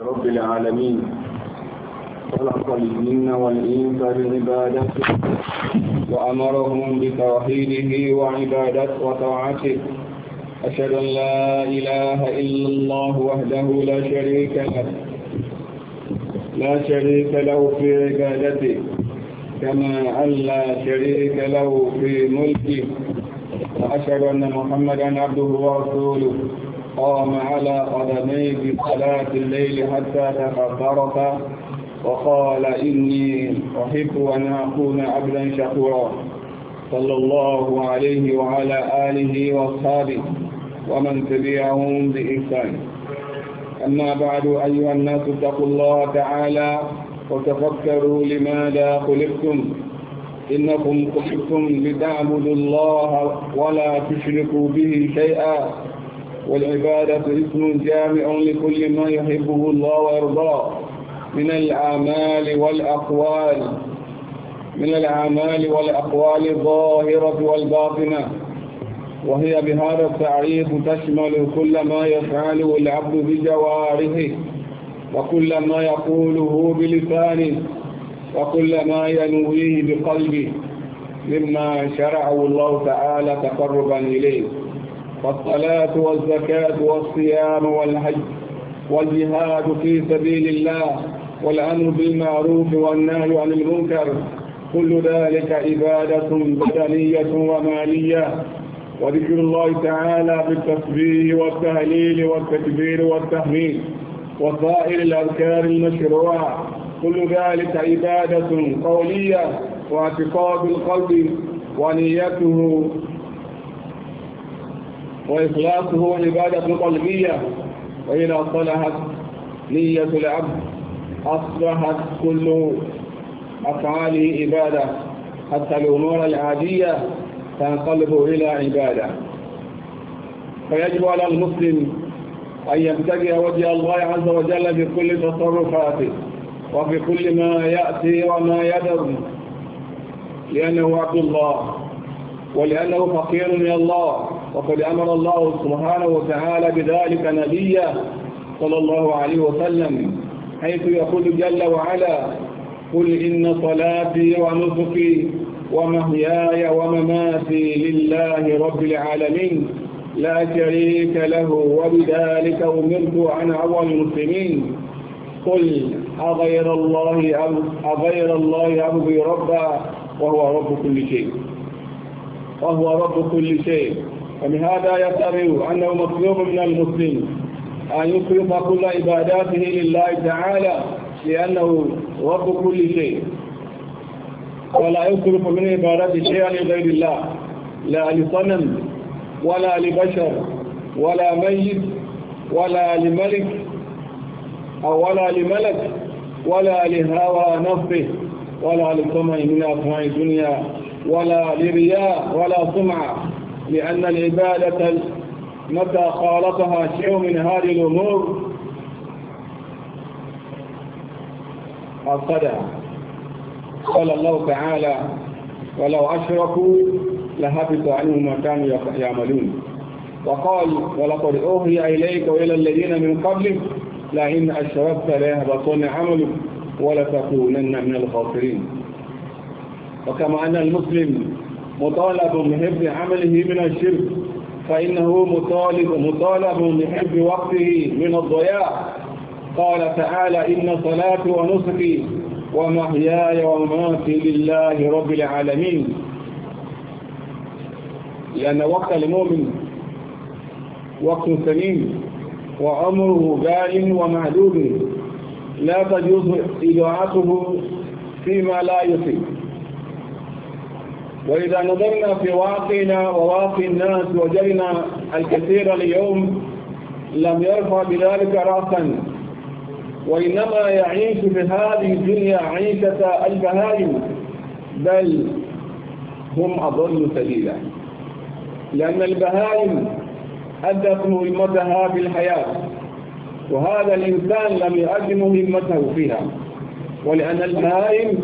رب العالمين خلق الجن والإنس بعبادته وأمرهم بتوحيده وعبادته وطاعته أشهد أن لا إله إلا الله وحده لا شريك له لا شريك له في عبادته كما أن لا شريك له في ملكه وأشهد أن محمدا عبده ورسوله قام على قدميه بصلاة الليل حتى تغفرت وقال إني أحب أن أكون عبدا شكورا صلى الله عليه وعلى آله وأصحابه ومن تبعهم بإحسان أما بعد أيها الناس اتقوا الله تعالى وتفكروا لماذا خلقتم إنكم خلقتم لتعبدوا الله ولا تشركوا به شيئا والعبادة اسم جامع لكل ما يحبه الله ويرضاه من الأعمال والأقوال من الأعمال والأقوال الظاهرة والباطنة وهي بهذا التعريف تشمل كل ما يفعله العبد بجوارحه وكل ما يقوله بلسانه وكل ما ينويه بقلبه مما شرعه الله تعالى تقربا إليه والصلاة والزكاة والصيام والحج والجهاد في سبيل الله والأمر بالمعروف والنهي عن المنكر كل ذلك عبادة بدنية ومالية وذكر الله تعالى بالتسبيح والتهليل والتكبير والتحميد وسائر الأذكار المشروعة كل ذلك عبادة قولية واعتقاد القلب ونيته وإخلاصه عبادة قلبية وإذا صلحت نية العبد أصبحت كل أفعاله عبادة حتى الأمور العادية تنقلب إلى عبادة فيجب على المسلم أن يبتغي وجه الله عز وجل في كل تصرفاته وفي كل ما يأتي وما يدر لأنه عبد الله ولأنه فقير من الله وقد أمر الله سبحانه وتعالى بذلك نبيه صلى الله عليه وسلم حيث يقول جل وعلا قل إن صلاتي ونسكي ومهياي ومماتي لله رب العالمين لا شريك له وبذلك أمرت عن أول المسلمين قل أغير الله أغير الله أبغي ربا وهو رب كل شيء وهو رب كل شيء ولهذا يعتبر أنه مطلوب من المسلم أن يخلص كل عباداته لله تعالى لأنه رب كل شيء ولا يصرف من عبادته شيئا لغير الله لا لصنم ولا لبشر ولا ميت ولا لملك أو ولا لملك ولا لهوى نفسه ولا لطمع من أطماع الدنيا ولا لرياء ولا سمعة لأن العبادة متى خالطها شيء من هذه الأمور أصدع قال الله تعالى ولو أشركوا لهبط عنهم ما كانوا يعملون وقال ولقد أوحي إليك وإلى الذين من قبلك لئن أشركت ليهبطن عملك ولتكونن من الخاسرين وكما أن المسلم مطالب بحفظ عمله من الشرك فإنه مطالب مطالب بحفظ وقته من الضياع قال تعالى إن صلاتي ونسكي ومحياي ومماتي لله رب العالمين لأن وقت المؤمن وقت سليم وعمره بال ومعدود لا تجوز إضاعته فيما لا يصيب وإذا نظرنا في واقعنا وواقع الناس وجدنا الكثير اليوم لم يرفع بذلك رأسا وإنما يعيش في هذه الدنيا عيشة البهائم بل هم أضل سبيلا لأن البهائم أدت مهمتها في الحياة وهذا الإنسان لم يؤدي مهمته فيها ولأن البهائم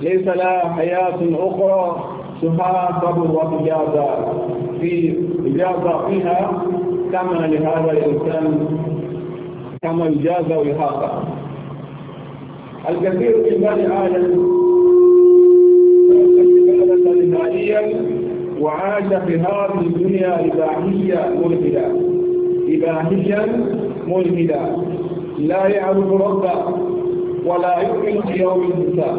ليس لها حياة أخرى سبحان صبر وإجازة في إجازة فيها كما لهذا الإنسان كما إجازة ويحاقى الكثير من بني آدم نهائيا وعاش في هذه الدنيا إباحية ملهدة إباحيا ملهدة لا يعرف ربه ولا يؤمن بيوم الحساب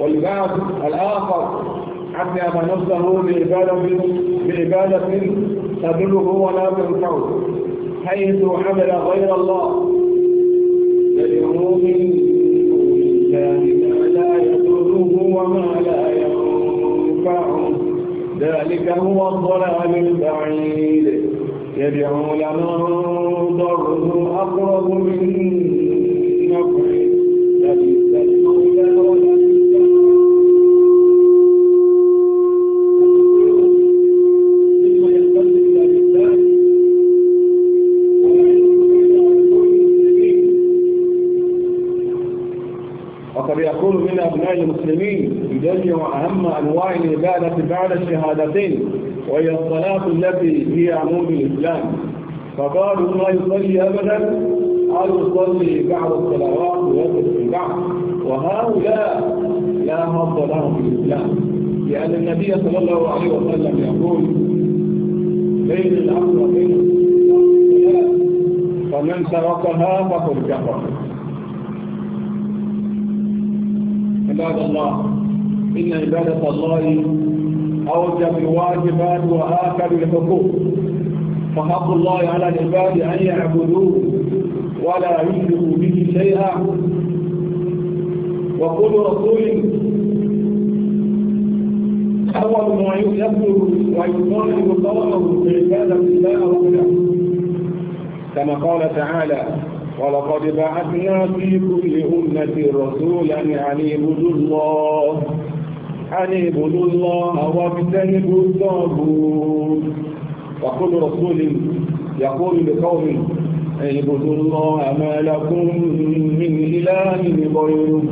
والبعض الآخر حتى يتنزه بعبادة بعبادة تدله ولا تنفعه حيث حمل غير الله للمؤمن ما لا يضره وما لا ينفعه ذلك هو الضلال البعيد يدعو لمن ضره أقرب من نفعه المسلمين يجمع أهم أنواع العبادة بعد الشهادتين وهي الصلاة التي هي عمود الإسلام فقالوا ما يصلي أبدا قالوا يصلي بعض الصلوات ويصلي في البعض وهؤلاء لا حظ لهم في الإسلام لأن النبي صلى الله عليه وسلم يقول بين الأمر وبين فمن تركها فقد كفر عباد الله إن عبادة الله أوجب الواجبات وآكل الحقوق فحق الله على العباد أن يعبدوه ولا يشركوا به شيئا وقول رسول أول ما يذكر ويطالب قومه بعبادة الله أولا كما قال تعالى ولقد بعثنا في كل أمة رسولا أن اعبدوا الله أن اعبدوا الله واجتنبوا الطاغوت وكل رسول يقول لقوم اعبدوا الله ما لكم من إله غيره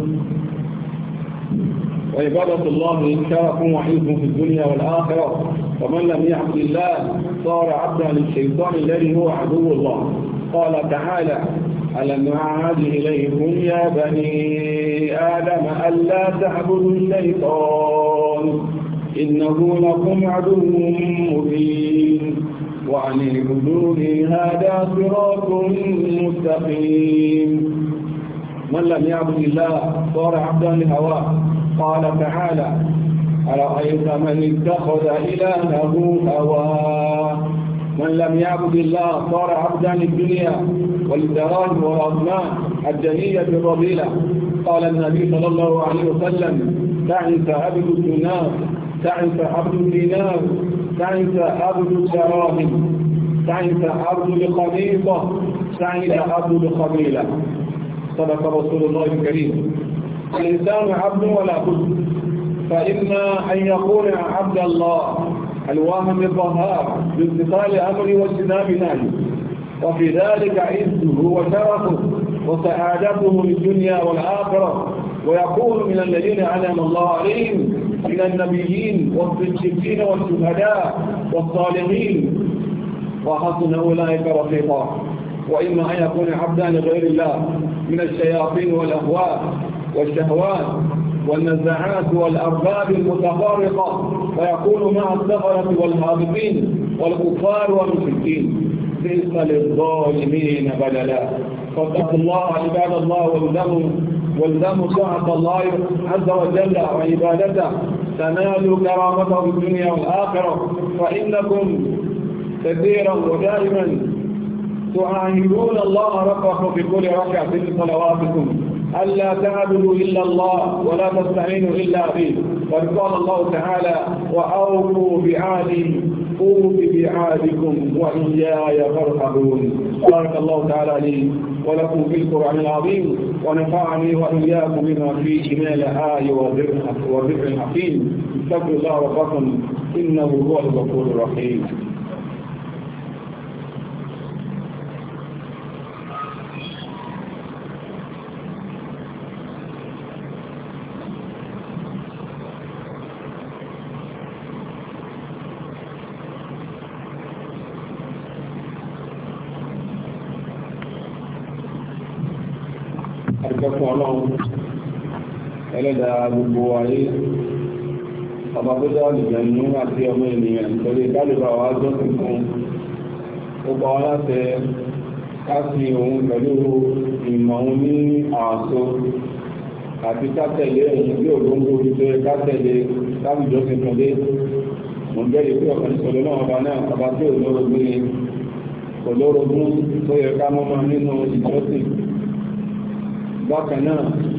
وعبادة الله شرف وحزب في الدنيا والآخرة ومن لم يعبد الله صار عبدا للشيطان الذي هو عدو الله قال تعالى ألم أعهد إليكم يا بني آدم ألا تعبدوا الشيطان إنه لكم عدو مبين وعن اعبدوني هذا صراط مستقيم من لم يعبد الله صار عبدا لهواه قال تعالى أرأيت من اتخذ إلهه هواه من لم يعبد الله صار عبدا للدنيا وللدراهم والأضمان الدنية الرذيلة قال النبي صلى الله عليه وسلم تعس عبد الدينار تعس عبد الدينار تعس عبد الدراهم تعس عبد القبيصة تعس عبد القبيلة صدق رسول الله الكريم الإنسان عبد ولا بد فإما أن يكون عبد الله الواهم الظهار بانتقال أمري واجتناب نهي وفي ذلك عزه وشرفه وسعادته للدنيا والآخرة ويقول من الذين علم الله عليهم من النبيين والصديقين والشهداء والصالحين وحسن أولئك رفيقا وإما أن يكون عبدا لغير الله من الشياطين والأهواء والشهوات والنزعات والأرباب المتفارقة ويكون مع الثغرة والهابطين والكفار والمشركين ليس للظالمين بدلا فاتقوا الله عباد الله والزموا والزموا سعة الله عز وجل وعبادته تنالوا كرامته في الدنيا والآخرة فإنكم كثيرا ودائما تعاهدون الله ربكم في كل ركعة من صلواتكم ألا تعبدوا إلا الله ولا تستعينوا إلا به وقد قال الله تعالى وأوفوا بعاد أوف بعهدكم وإياي فارهبون بارك الله تعالى لي ولكم في القرآن العظيم ونفعني وإياكم بما فيه من الآي والذكر الحكيم استغفر الله ربكم إنه هو الغفور الرحيم ẹlẹ́dà gbogbo ayé ọba tó dá ìjẹ̀nú àti ọmọ ènìyàn nítorí ìdálébà wa jọ́sìn fún ó pa wá láti káàkiri òun pẹ̀lú ìmọ̀ òun ní àṣọ àti kátẹ̀lé ẹ̀yìn bí ògbóngbò wípé kátẹ̀lé láwùjọ ti tún dé mò ń bẹ̀rẹ̀ pé ọ̀kan ìṣòro náà ọba náà ọba tí olórogún ni e, olórogún tó yẹ ká mọ́mọ́ nínú ìjọsìn bákan náà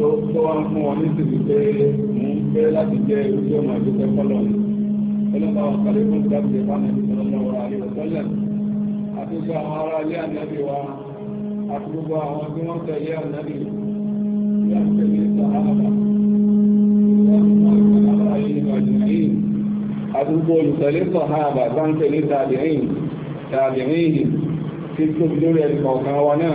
tó tó wá ń fún wọn nítorí pé mò ń fẹ́ láti jẹ́ ojú ọmọ ìdókẹ́ fọ́lọ́ ni ọlọ́pàá wọn kálí fún ìdábìlì fáwọn ẹni tó lọ́wọ́ àlè ọ̀tọ́lẹ̀ àti gbogbo àwọn ará ilé ànábì wa àti gbogbo àwọn tí wọ́n tẹ̀lé ànábì ìyá ń tẹ̀lé sàhábà àti gbogbo olùtẹ̀lé sàhábà bá ń tẹ̀lé tàbíyìn tàbíyìn tí tó lórí ẹ̀dùn kọ̀ọ̀kan wa náà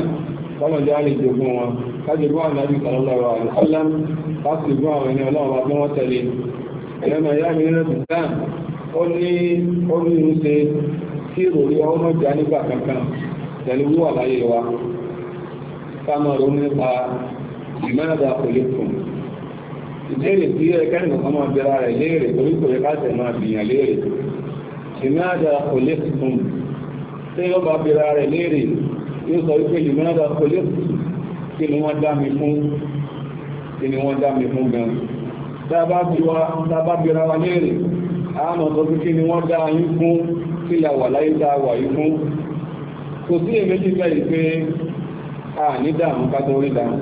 kọ́lọ̀ jẹ́ àlejò wọn kájọ̀gbọ́n àdájú sàrọ̀lọ́wọ́ àdìsọ́lám láti gbọ́n àwọn ẹni ọlọ́wọ́ bí wọ́n tẹ̀lé ẹ̀rọ ìyá mi nínú ìsìlám ó ní ó ní irú ṣe kí ìròrí ọwọ́ náà já nígbà kankan pẹ̀lú wúwà láyé wa sáma ló nípa ìmẹ́rẹ̀dà pẹ̀lẹ́kùn ìbéèrè tí ẹ̀kẹ́rin kan máa bẹ̀rẹ̀ rẹ̀ léèrè kí ni wọ́n dá mi fún kí ni wọ́n dá mi fún gan tábà bí wa tábà bí ra wa léèrè àmọ́ sọ pé kí ni wọ́n dá yín fún kí la wà láyé tá a wà yín fún kò sí èméjì bẹ́ẹ̀ pé a ní dààmú ká tó rí dààmú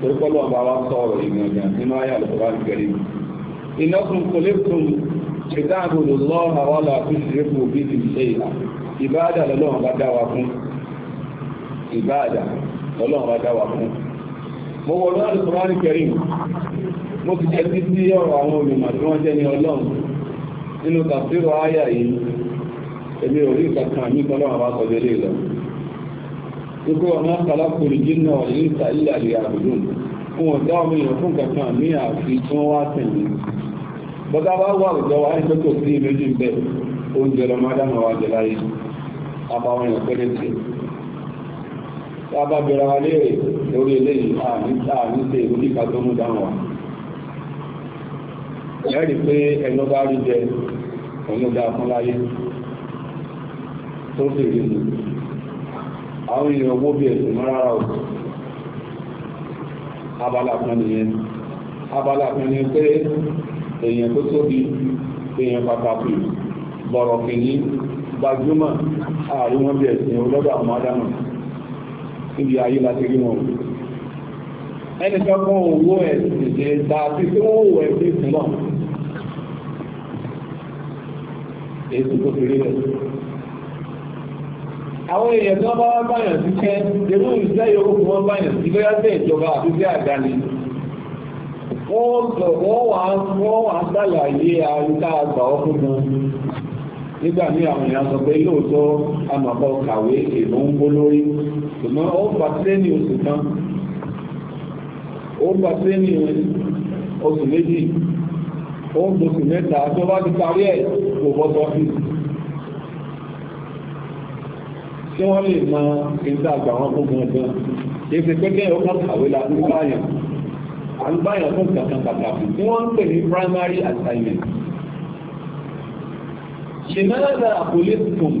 torí pé Ọlọ́run bá wa sọ̀rọ̀ ìgbìyànjú nínú ayé àlùkò gẹ̀rẹ́ ìnákùn kò lè tún ìdáàbòdò lọ́ọ̀hà wà láàfin ìṣẹ́kù bí ti ṣe ìbáàdà lọ́lọ́run bá dá wa fún ìbáàdà ọlọ́run bá dá wa fún mo wọ lọ́wọ́ ní kọ́mánì kẹrin mo ti jẹ́ títí ọ̀rọ̀ àwọn olùmọ̀ tí wọ́n jẹ́ ní ọlọ́run nínú tàbírò áyà yìí èmi ò rí kankan mi kọ́ lọ́wọ́ bá sọ délé lọ ikú ọ̀nà kàlákù ìjì náà ní ìta ilẹ̀ àlè àbùdù fún ọ̀dá ọmọ èèyàn fún kankan mi àfi tí wọ́n wá tẹ̀lé bọ́dá bá wà ọ̀dọ́ wa ní pẹ́kọ̀ sí méjì bẹ́ẹ̀ oúnjẹ lọ́mọdá náà wá jẹ láyé àbáwọn èèyàn pẹ́lẹ́ tá a bá bẹ̀rẹ̀ wa léèrè lórí eléyìí àmì àmì ṣe ìlú kíkà tó mú dáhùn wa ẹ̀rí pé ẹnu bá rí jẹ òun dá fún láyé tó sì rí mi àwọn èèyàn owó bí ẹ̀sùn mọ́ rárá o abala kan nìyẹn abala kan ni pé èèyàn tó tóbi èèyàn pàtàkì bọ̀rọ̀ kìíní gbajúmọ̀ ààrí bí ẹ̀sìn olọ́dọ̀ àwọn adámọ̀ níbi ayé láti rí wọn ẹni kẹ́kọ́ owó ẹ̀sìn ṣe dá sí tí wọ́n wọ ẹ̀sìn ìsìn náà èsì tó fi rí rẹ̀ àwọn èèyàn tí wọ́n bá wá báyàn síṣẹ́ irú ìṣẹ́ yòókù tí wọ́n báyàn sí lóyá sí ìjọba àti sí àdáni wọ́n wà á sàlàyé àríká àgbà ọkùn gan nígbà ní àwọn èèyàn sọ pé lóòótọ́ àmàbọ̀ kàwé èèmọ̀ ń gbó lórí ṣùgbọ́n ó fàtílé ní oṣù kan ó fàtílé ní oṣù méjì ó ń gbòsù mẹ́ta tó bá ti parí ẹ̀ kò bọ́ sọ́fì tí wọ́n lè mọ ìta àgbà wọn fún gbọ̀ngàn kìí ṣe pé kẹ́yìn ó kàn kàwé la ń báyàn ń báyàn fún kankan pàtàkì tí wọ́n ń pè ní primary assignment ṣe náà àpòlẹ́sìtòmù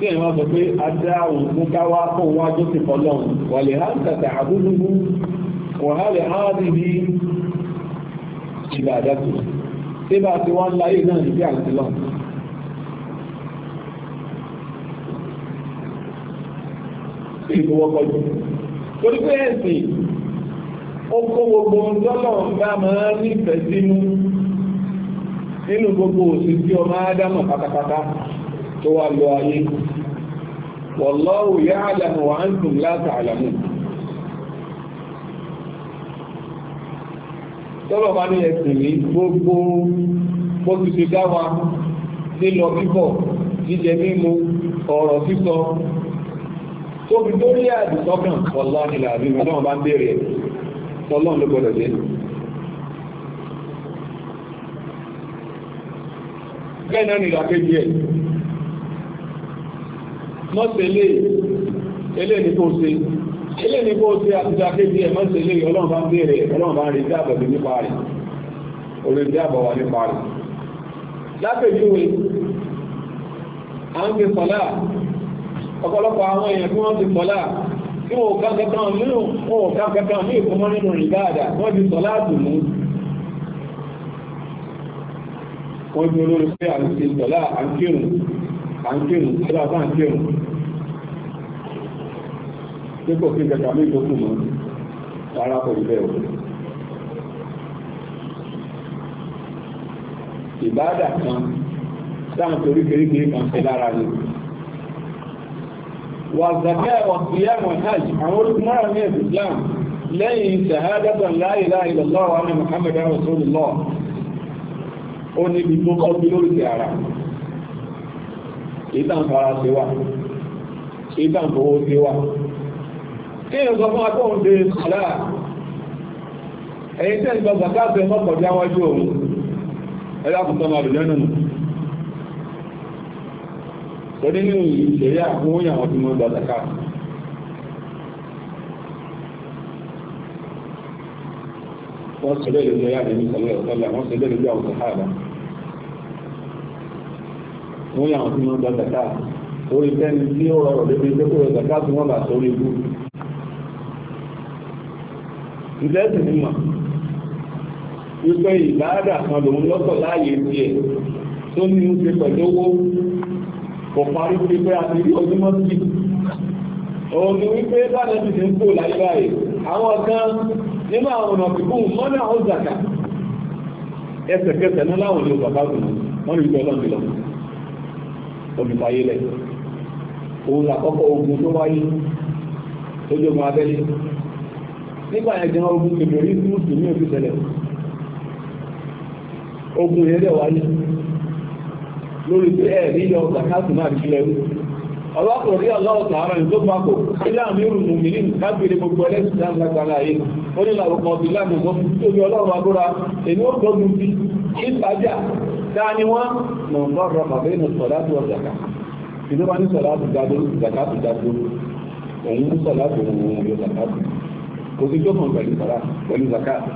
tí ẹ̀ máa sọ pé adá òun ká wá kó wá tó ti fọ́ lọ́hùn wà lè hàn tàtà àbúrúgbú wà hàn lè hàn rí ní ìgbà àdàtò tí bá ti wá láyé náà ní bí àǹtí lọ́hùn. torí pé ẹ̀sìn ó gbogbo ọjọ́lọ̀ bá máa nífẹ̀ẹ́ sínú nínú gbogbo òṣìṣẹ́ ọmọ ádámọ̀ pátápátá tó wà lọ ayé wallahu ya'lamu wa antum la ta'lamun tọ́lọ̀ bá ní ẹ̀sìn ní gbogbo bókùtù dáwà nílọ bíbọ̀ jíjẹ mímu ọ̀rọ̀ sísọ tóbi tó rí àdìsọ́kàn ọ̀lá nílà àbí ọlọ́run bá ń bèèrè ẹ̀ tọ́lọ́run ló gbọ́dọ̀ jẹ́ bẹ́ẹ̀ náà nílà kejì ẹ̀ mọ́sẹ̀lẹ̀ eléyìí kó ṣe eléyìí kó ṣe àtijàkéjì ẹ̀ mọ́sẹ̀lẹ̀ ọlọ́run bá ń bèèrè ọlọ́run bá ń rí dáàbọ̀ bí nípa rẹ̀ orí dáàbọ̀ wà nípa rẹ̀ lápèjúwe à ń fi sọ́lá ọ̀pọ̀lọpọ̀ àwọn èèyàn tí wọ́n ti sọ́lá tí wọ́n ká kankan nínú wọn ká kankan ní ìfúnmọ́ nínú ìdáàdà wọ́n ti sọ́lá àtùmú wọ́n ti olórí pé à ń fi sọ́lá à ń kírun àǹkírùn ẹ̀dá bá àǹkírùn tí kò fi gẹ̀gà mí tó kù mọ́ rárá kò bẹ́ẹ̀ o ìbáàdà kan dáhùn torí kérékéré kan fẹ́ lára ni wà zàkẹ́ ọ̀sùyẹ́mọ̀ hajj àwọn olùkúmọ́ra ní ẹ̀sùn Islam lẹ́yìn ṣàhádàtàn la ilaha wa anna Muhammadan rasulullah ó níbi tó kọ́ bí lórí ti ara ìtàn fara ṣe wà ìtàn fowó ṣe wà kí èèyàn sọ fún akóhùn ṣe sàlá ẹ̀yìn ní ìṣẹ̀rí àkúnyà wọ́n sọ lẹ́lẹ́lẹ́ yára àwọn lórí àwọn tí wọ́n gba zaka orí tẹ́ni tí ó rọrọ̀ lórí pé kó rọ zaka tí wọ́n bá sórí ibú. ìjẹ́ sì ni mọ̀ wípé ìbáàdà kan lòun lọ́tọ̀ láàyè tiẹ̀ tó ní ń ṣe pẹ̀lú owó kò parí sí pé a ti rí ojúmọ́ sí. òun ni wípé báyìí ti ti ń kó láyé báyìí àwọn kan nínú àwọn ọ̀nà òkùnkùn mọ́nà ó zaka ẹsẹ̀kẹsẹ̀ náà láwọn ìlú bàbá gùn wọ́n rí gbọ́dọ̀ olùfàyè lẹ̀ òun àkọ́kọ́ ogun tó wáyé lójú ọmọ abẹ́lé nígbà yẹn jẹ́ ogun kèbèrè ní mùsùlùmí òfin ṣẹlẹ̀ ogun yẹn dẹ̀ wáyé lórí pé ẹ̀ ní yọ zakatu náà kílẹ̀ rú ọlọ́pọ̀ rí ọlọ́ọ̀tà ara rẹ̀ tó papọ̀ ilé àmì ìrùnù mìíràn kábìrì gbogbo ẹlẹ́sìn náà lágbára yìí ó ní làwọn ọmọ ọdún láàmú tó fi tóbi ọlọ́run agbóra èmi ó gbọ́dún sí ìtajà dáni wọ́n mọ̀ ń bọ́ rọ bàbá inú sọ̀láàtù ọ̀zàkà ìlú bá ní sọ̀láàtù gádó zakatu gádó òun ní sọ̀láàtù òun òun yóò zakatu kò sí tó kàn pẹ̀lú sọ̀lá pẹ̀lú zakatu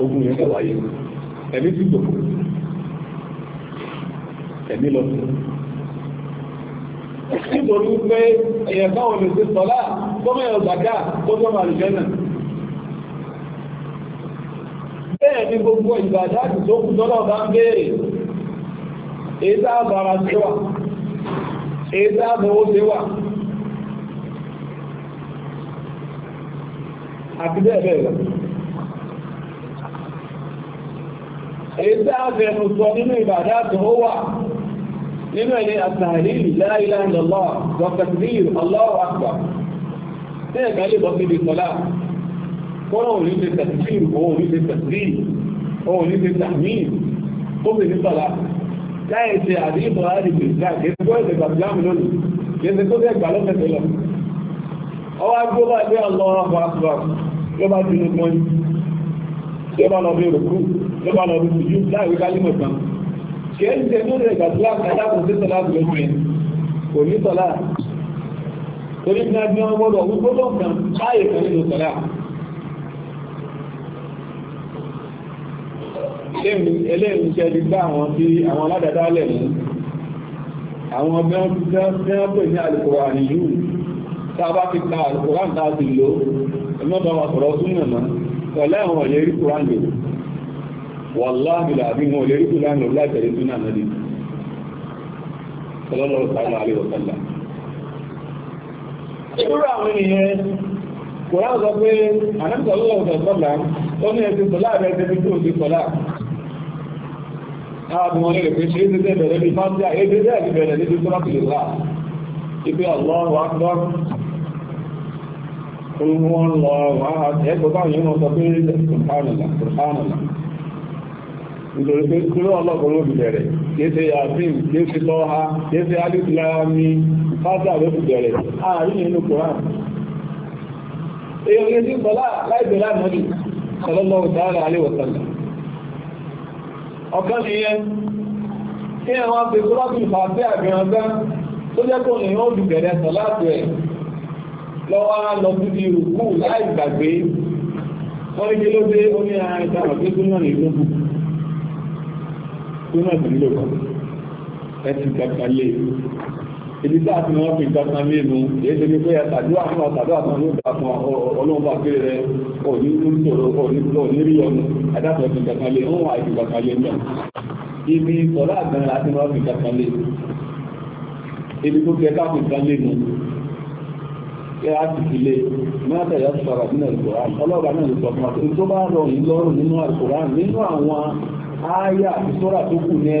ogun yẹn kẹwàá yẹn ẹ̀mí ti gbòkó ẹ̀mí lọ sí nítorí pé èèyàn báwọn lè ṣe sọ̀lá tó mẹ́rin ọ̀zàkà tó tó máa lè jẹ́ náà bẹ́ẹ̀ ni gbogbo ìgbàdáàtì tó kù tọ́lọ́ bá ń béèrè èdè àbára tí wà èdè àbáwó tí wà àti bẹ́ẹ̀ bẹ́ẹ̀ lọ èdè nínú ìbàdá tó wà nínú ẹni àtàrílì la ilaha illallah lè sọ́lá kọ́nà òní òní òní ó sì ní sọ́lá láìsẹ̀ àbí ìmọ̀ àdìgbò islam kì í gbọ́ ìsẹ̀ gbàgbàmù lónìí kì í ṣe tó fẹ́ gbà lọ́fẹ̀ẹ́ lọ. ọwọ́ agbó bá gbé ọlọ́ ọkọ̀ àtúbà ló bá dunu mọ́ ní ló bá lọ bí rùkú ló bá lọ bí tìjú láìwé kálímọ̀ kan. kì í ṣe tó fẹ́ gbàgbàmù adákùn sí sọlá àgbẹ̀mọ̀ yẹn kò ní sọlá torí ní agbẹ́ wọn gbọ́dọ̀ wípé lọ́kàn báyìí kan nínú sọlá eléyìn jẹ́ ti gbá àwọn tí àwọn aládàdá lẹ̀ mú àwọn ọgbẹ́ wọn pè ní alùpùpù àníyù tá a bá ti ka alùpùpù àǹtà ti lò ẹmọ́bà wọn sọ̀rọ̀ súnmọ̀ mọ́ pẹ̀lú àwọn ọ̀lẹ́ rí kúrán lò wàláhì làbí wọn ọ̀lẹ́ rí kúrán lò látẹ̀lé súnà náà lè sọlọ́lọ́rọ̀ sàánà ìrúra àwọn ènìyàn kòrán sọ pé ànábìsọ̀lọ́lọ́ ọ̀sánlá ó ní ẹ̀sìn sọlá rẹ̀ ti tó ti sọlá káàbù wọn lè pèsè é dédé bẹ̀rẹ̀ bí fásitì àyè dédé àti bẹ̀rẹ̀ ní dúdú láti lè rà ibi Allahu Akbar olùwọ́n lọ wà á ẹ̀kọ́ báwọn yìí wọ́n sọ pé kùránìlà kùránìlà nítorí pé kúrò ọlọ́pọ̀lọ́ bìbẹ̀rẹ̀ kéèsè yàfíìm kéèsè tọ́ha kéèsè alìsìlámi fásitì àlọ́ bìbẹ̀rẹ̀ ààrin nínú kùránì èèyàn lè sí sọlá ọ̀kan nìyẹn kí ẹ wá fi sọ́lọ́tù ìfàṣẹ́ àgbẹ̀yàn gan tó jẹ́ kó nìyẹn ó dùn bẹ̀rẹ̀ sọ láti ẹ̀ lọ́wọ́ lọ sí di rùkú láì gbàgbé wọ́n ní kí ló ara ìta àti súnmọ́ nìlú súnmọ́ ìlú kan ẹ ti gbàgbà lé ibi tí a ti wọ́n fi nǹkan kan léèmú èyí tó ní pé àdúrà fún ọ tàbí àwọn olóògbà fún ọlọ́run bá kéré rẹ òní nítorò òní rí ọnu adájọ́ fi nǹkan kan lé ń wà ìfi nǹkan kan lé ń bẹ̀. ibi sọ̀rọ̀ àgbẹ̀rẹ̀ láti wọ́n fi nǹkan kan lé ibi tó kẹ ká fi nǹkan lé nu kẹ á ti fi lé mẹ́ta ìyá sọ̀rọ̀ nínú àlùkòrán ọlọ́ọ̀gá náà ló sọ fún wa pé tó bá rọrùn lọ́rùn nínú àlùkòrán nínú àwọn ááyà àti sọ́rà tó kù ní ẹ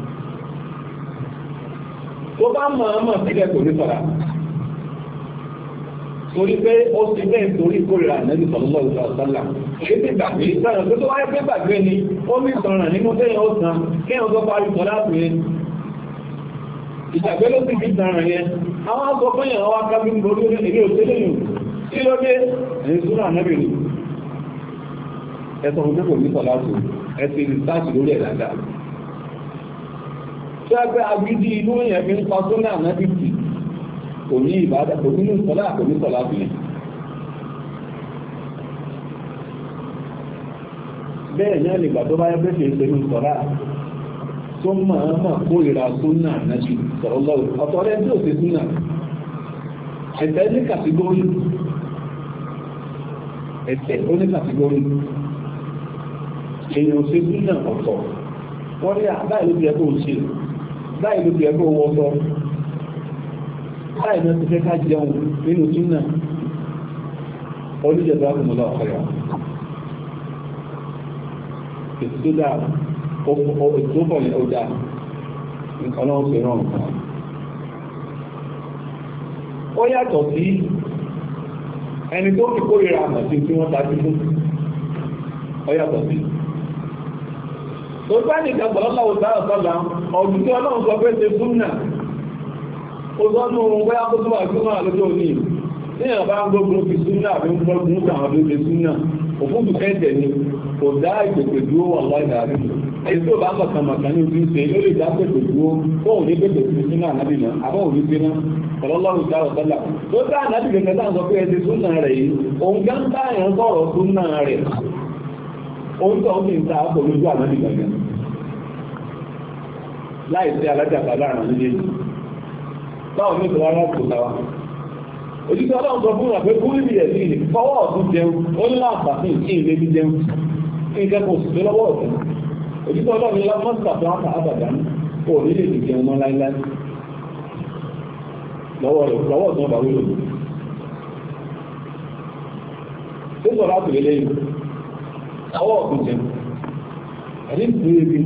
tó bá mọ̀ ọmọ sílẹ̀ kò ní sọ̀rọ̀ torí pé ó ti bẹ́ẹ̀ torí ìkórìíra ànábì sọ̀rọ̀ lọ́wọ́ sọ̀rọ̀ ṣé ti gbàgbé sọ̀rọ̀ tó tó wáyé pé gbàgbé ni ó ní sọ̀rọ̀ nínú bẹ́ẹ̀ ó san kéèyàn tó parí sọ láti rẹ̀ ìgbàgbé ló sì fi sọ̀rọ̀ yẹn àwọn akọ fún yẹn wá kábí ń borí ní ilé òṣèlú yìí kí ló dé ẹ̀yìn súnà ànábì ni ẹ̀sọ̀ òkú kò ní sọ̀rọ̀ ẹ̀sìn ìsáàtì lórí ẹ̀ ṣẹ́gbẹ́ agídí inú yẹn fi ń pa tó ní ànábìtì kò ní ìbádà kò nínú sọlá kò ní sọlá bìnrin. bẹ́ẹ̀ náà nígbà tó bá yẹ bẹ́ẹ̀ ṣe ń sọlá tó máa máa kórìíra tó ní ànábì sọlọ́ ọ̀tọ̀ rẹ̀ tí ò ti tún náà ẹ̀tẹ́ ní kàtígórì ẹ̀tẹ́ ó ní kàtígórì èèyàn ṣe tún náà ọ̀tọ̀ wọ́n rí àbáyé ló ti yẹ kó o ṣe báyìí ló yẹ kó wọ sọ báyìí náà ti fẹ́ ká jẹun nínú súnà olùjẹ̀dọ̀ àkùnmọ̀lá ọ̀kọ̀yà ètò tó dáa ètò tó pọ̀ ó dáa nǹkan náà fi ràn kan ó yàtọ̀ sí ẹni tó fi kórìíra àmọ̀ sí tí wọ́n ta sí fún ó yàtọ̀ sí tó sáàdì ìgbàgbọ́ lọ́wọ́ sáà sọ́lá ọ̀dùn tí ọlọ́run sọ pé ṣe súnà ó sọ ní ohun bóyá tó túnbà sí máa lójó ní níyàn bá ń gbógun fi súnà àbí ń gbógun tàwọn tó ṣe súnà òkúndù kẹ́ẹ̀tẹ̀ ni kò dá ìpèpè dúró wà láìda rí èyí tó bá kọ̀kan màkà ní ojú ṣe ló lè dá pèpè dúró fún òní pèpè sí sínú ànábì náà àbọ̀ òní sí náà ọlọ́lọ́run sáà sọ́lá tó sáà ànábì kẹ̀kẹ́ sáà sọ pé ẹ ti súnà rẹ̀ yìí òun ó ń ìta ọkọ̀ lójú ànábì gàgà láì sí alájàpá láàrin nílé báwọn ní rárá kò náwa òjijì ọlọ́run sọ fún wa pé kúrú ìbílẹ̀ sí fọwọ́ ọ̀tún jẹun ó ní láǹfààní kí ìlé bí jẹun kí nǹkan kò lọ́wọ́ ọ̀tún òjijì ọlọ́run ní mọ́sítà tó láǹfà àbàdàn kò ní lè jẹun láíláí lọ́wọ́ rẹ̀ lọ́wọ́ ọ̀tún wúlò. àwọn ọ̀gbìnjẹ̀ ẹni ìdúró ebi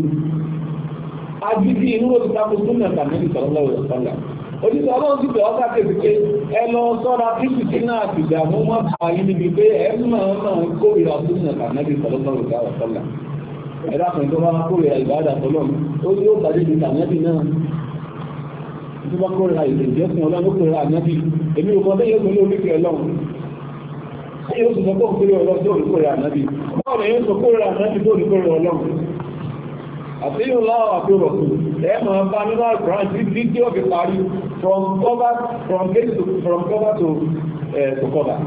agídí inú ó ti tako súnmọ̀ tàbí sallallahu alaihi wasallam oníṣẹ́ ọlọ́run ti bẹ̀rẹ̀ ọ́sà kejì pé ẹ lọ sọ́ra fífìtì náà ti dààmú mọ́ àwọn yìí níbi pé ẹ máa máa kórìíra súnmọ̀ tàbí sallallahu alaihi wasallam ẹ̀dá kan tó máa kórìíra ìbáradà tọ́lọ́m ó ní ó bàjẹ́ ti tàbí náà tó bá ní oṣù sọ pé òkúrò ọlọ́run tó olùkórè ànábì báwọn èèyàn sọ pé òkúrò ànábì tó olùkórè ọlọ́run àti yóò láwọ àpérò kù ẹ máa bá nínú àkùrán tí tí tí ó fi parí from cover from gate to from cover to cover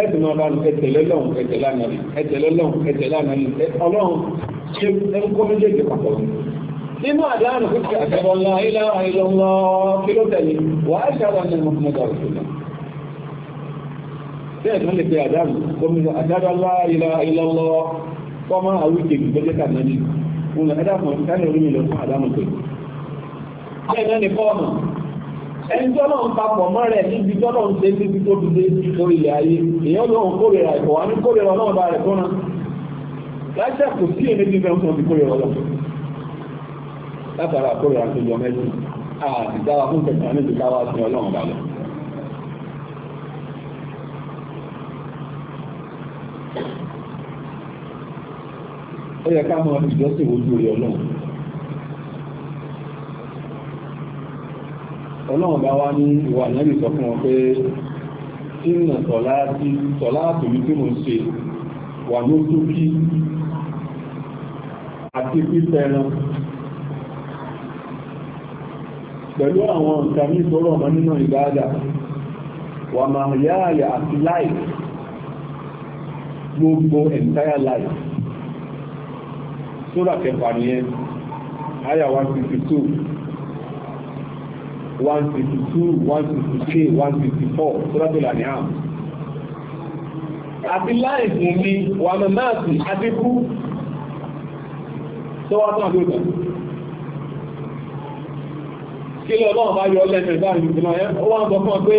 ẹ̀sìn máa bá ẹtẹ̀lẹ́lọ́run ẹtẹ̀lánàlì ẹtẹ̀lẹ́lọ́run ẹtẹ̀lánàlì ọlọ́run ṣe ń kó méjèèjì papọ̀ nínú àdáhùn pípẹ́ àtẹ̀wọ̀n la ilá àìlọ́lọ́ kí ló tẹ̀lé wàá bẹ́ẹ̀ ni wọ́n lè pe àdáàmù gómìnà àdáàlá ilá ilọ́lọ́ fọ́mà àwíkè gbẹ́jẹ́ kànáàdì wọn lè àdáàmù káyọ̀ orí mi lọ fún àdáàmù pé bẹ́ẹ̀ náà ni fọ́ọ̀mù ẹni tọ́lọ̀ ń papọ̀ mọ́ rẹ̀ níbi tọ́lọ̀ ń ṣe níbi tó fi dé orí ilẹ̀ ayé èèyàn ló ń kórìíra ẹ̀kọ́ wa ní kórìíra ọlọ́run bá rẹ̀ tó ná láṣẹ kò sí èmi ti fẹ́ràn fún kórìíra ọlọ́run látara kórìíra tó yọ mẹ́sìn àti dára fún kẹsàn-án níbi káwá sí ọlọ́run balẹ̀ ó yẹ ká máa ìjọsìn ojú rẹ ọlọ́run ọlọ́run bá wá ní ìwà ìyẹ́lì sọ fún wọn pé ìrìnà sọ̀láàtì sọ̀láàtì mi tí mo ń ṣe wà ní tókí àti pípẹran pẹ̀lú àwọn nǹkan ní ìtọ́rọ̀ ọmọ nínú ìbáàdà wà máa yáàyà àti láìsí gbogbo entire life sóra kẹfà nìyẹn àyà one sixty two one sixty two one sixty three one sixty four sóra tó là ní àmì àti láìsùn ni wà mọ̀ náà sì àti kú tó wá tán àdúgbò kí lọ́wọ́ bá yọ lẹ́nu ìdáhùn ìgbìmọ̀ ẹ̀ ó wá ń sọ fún ọ pé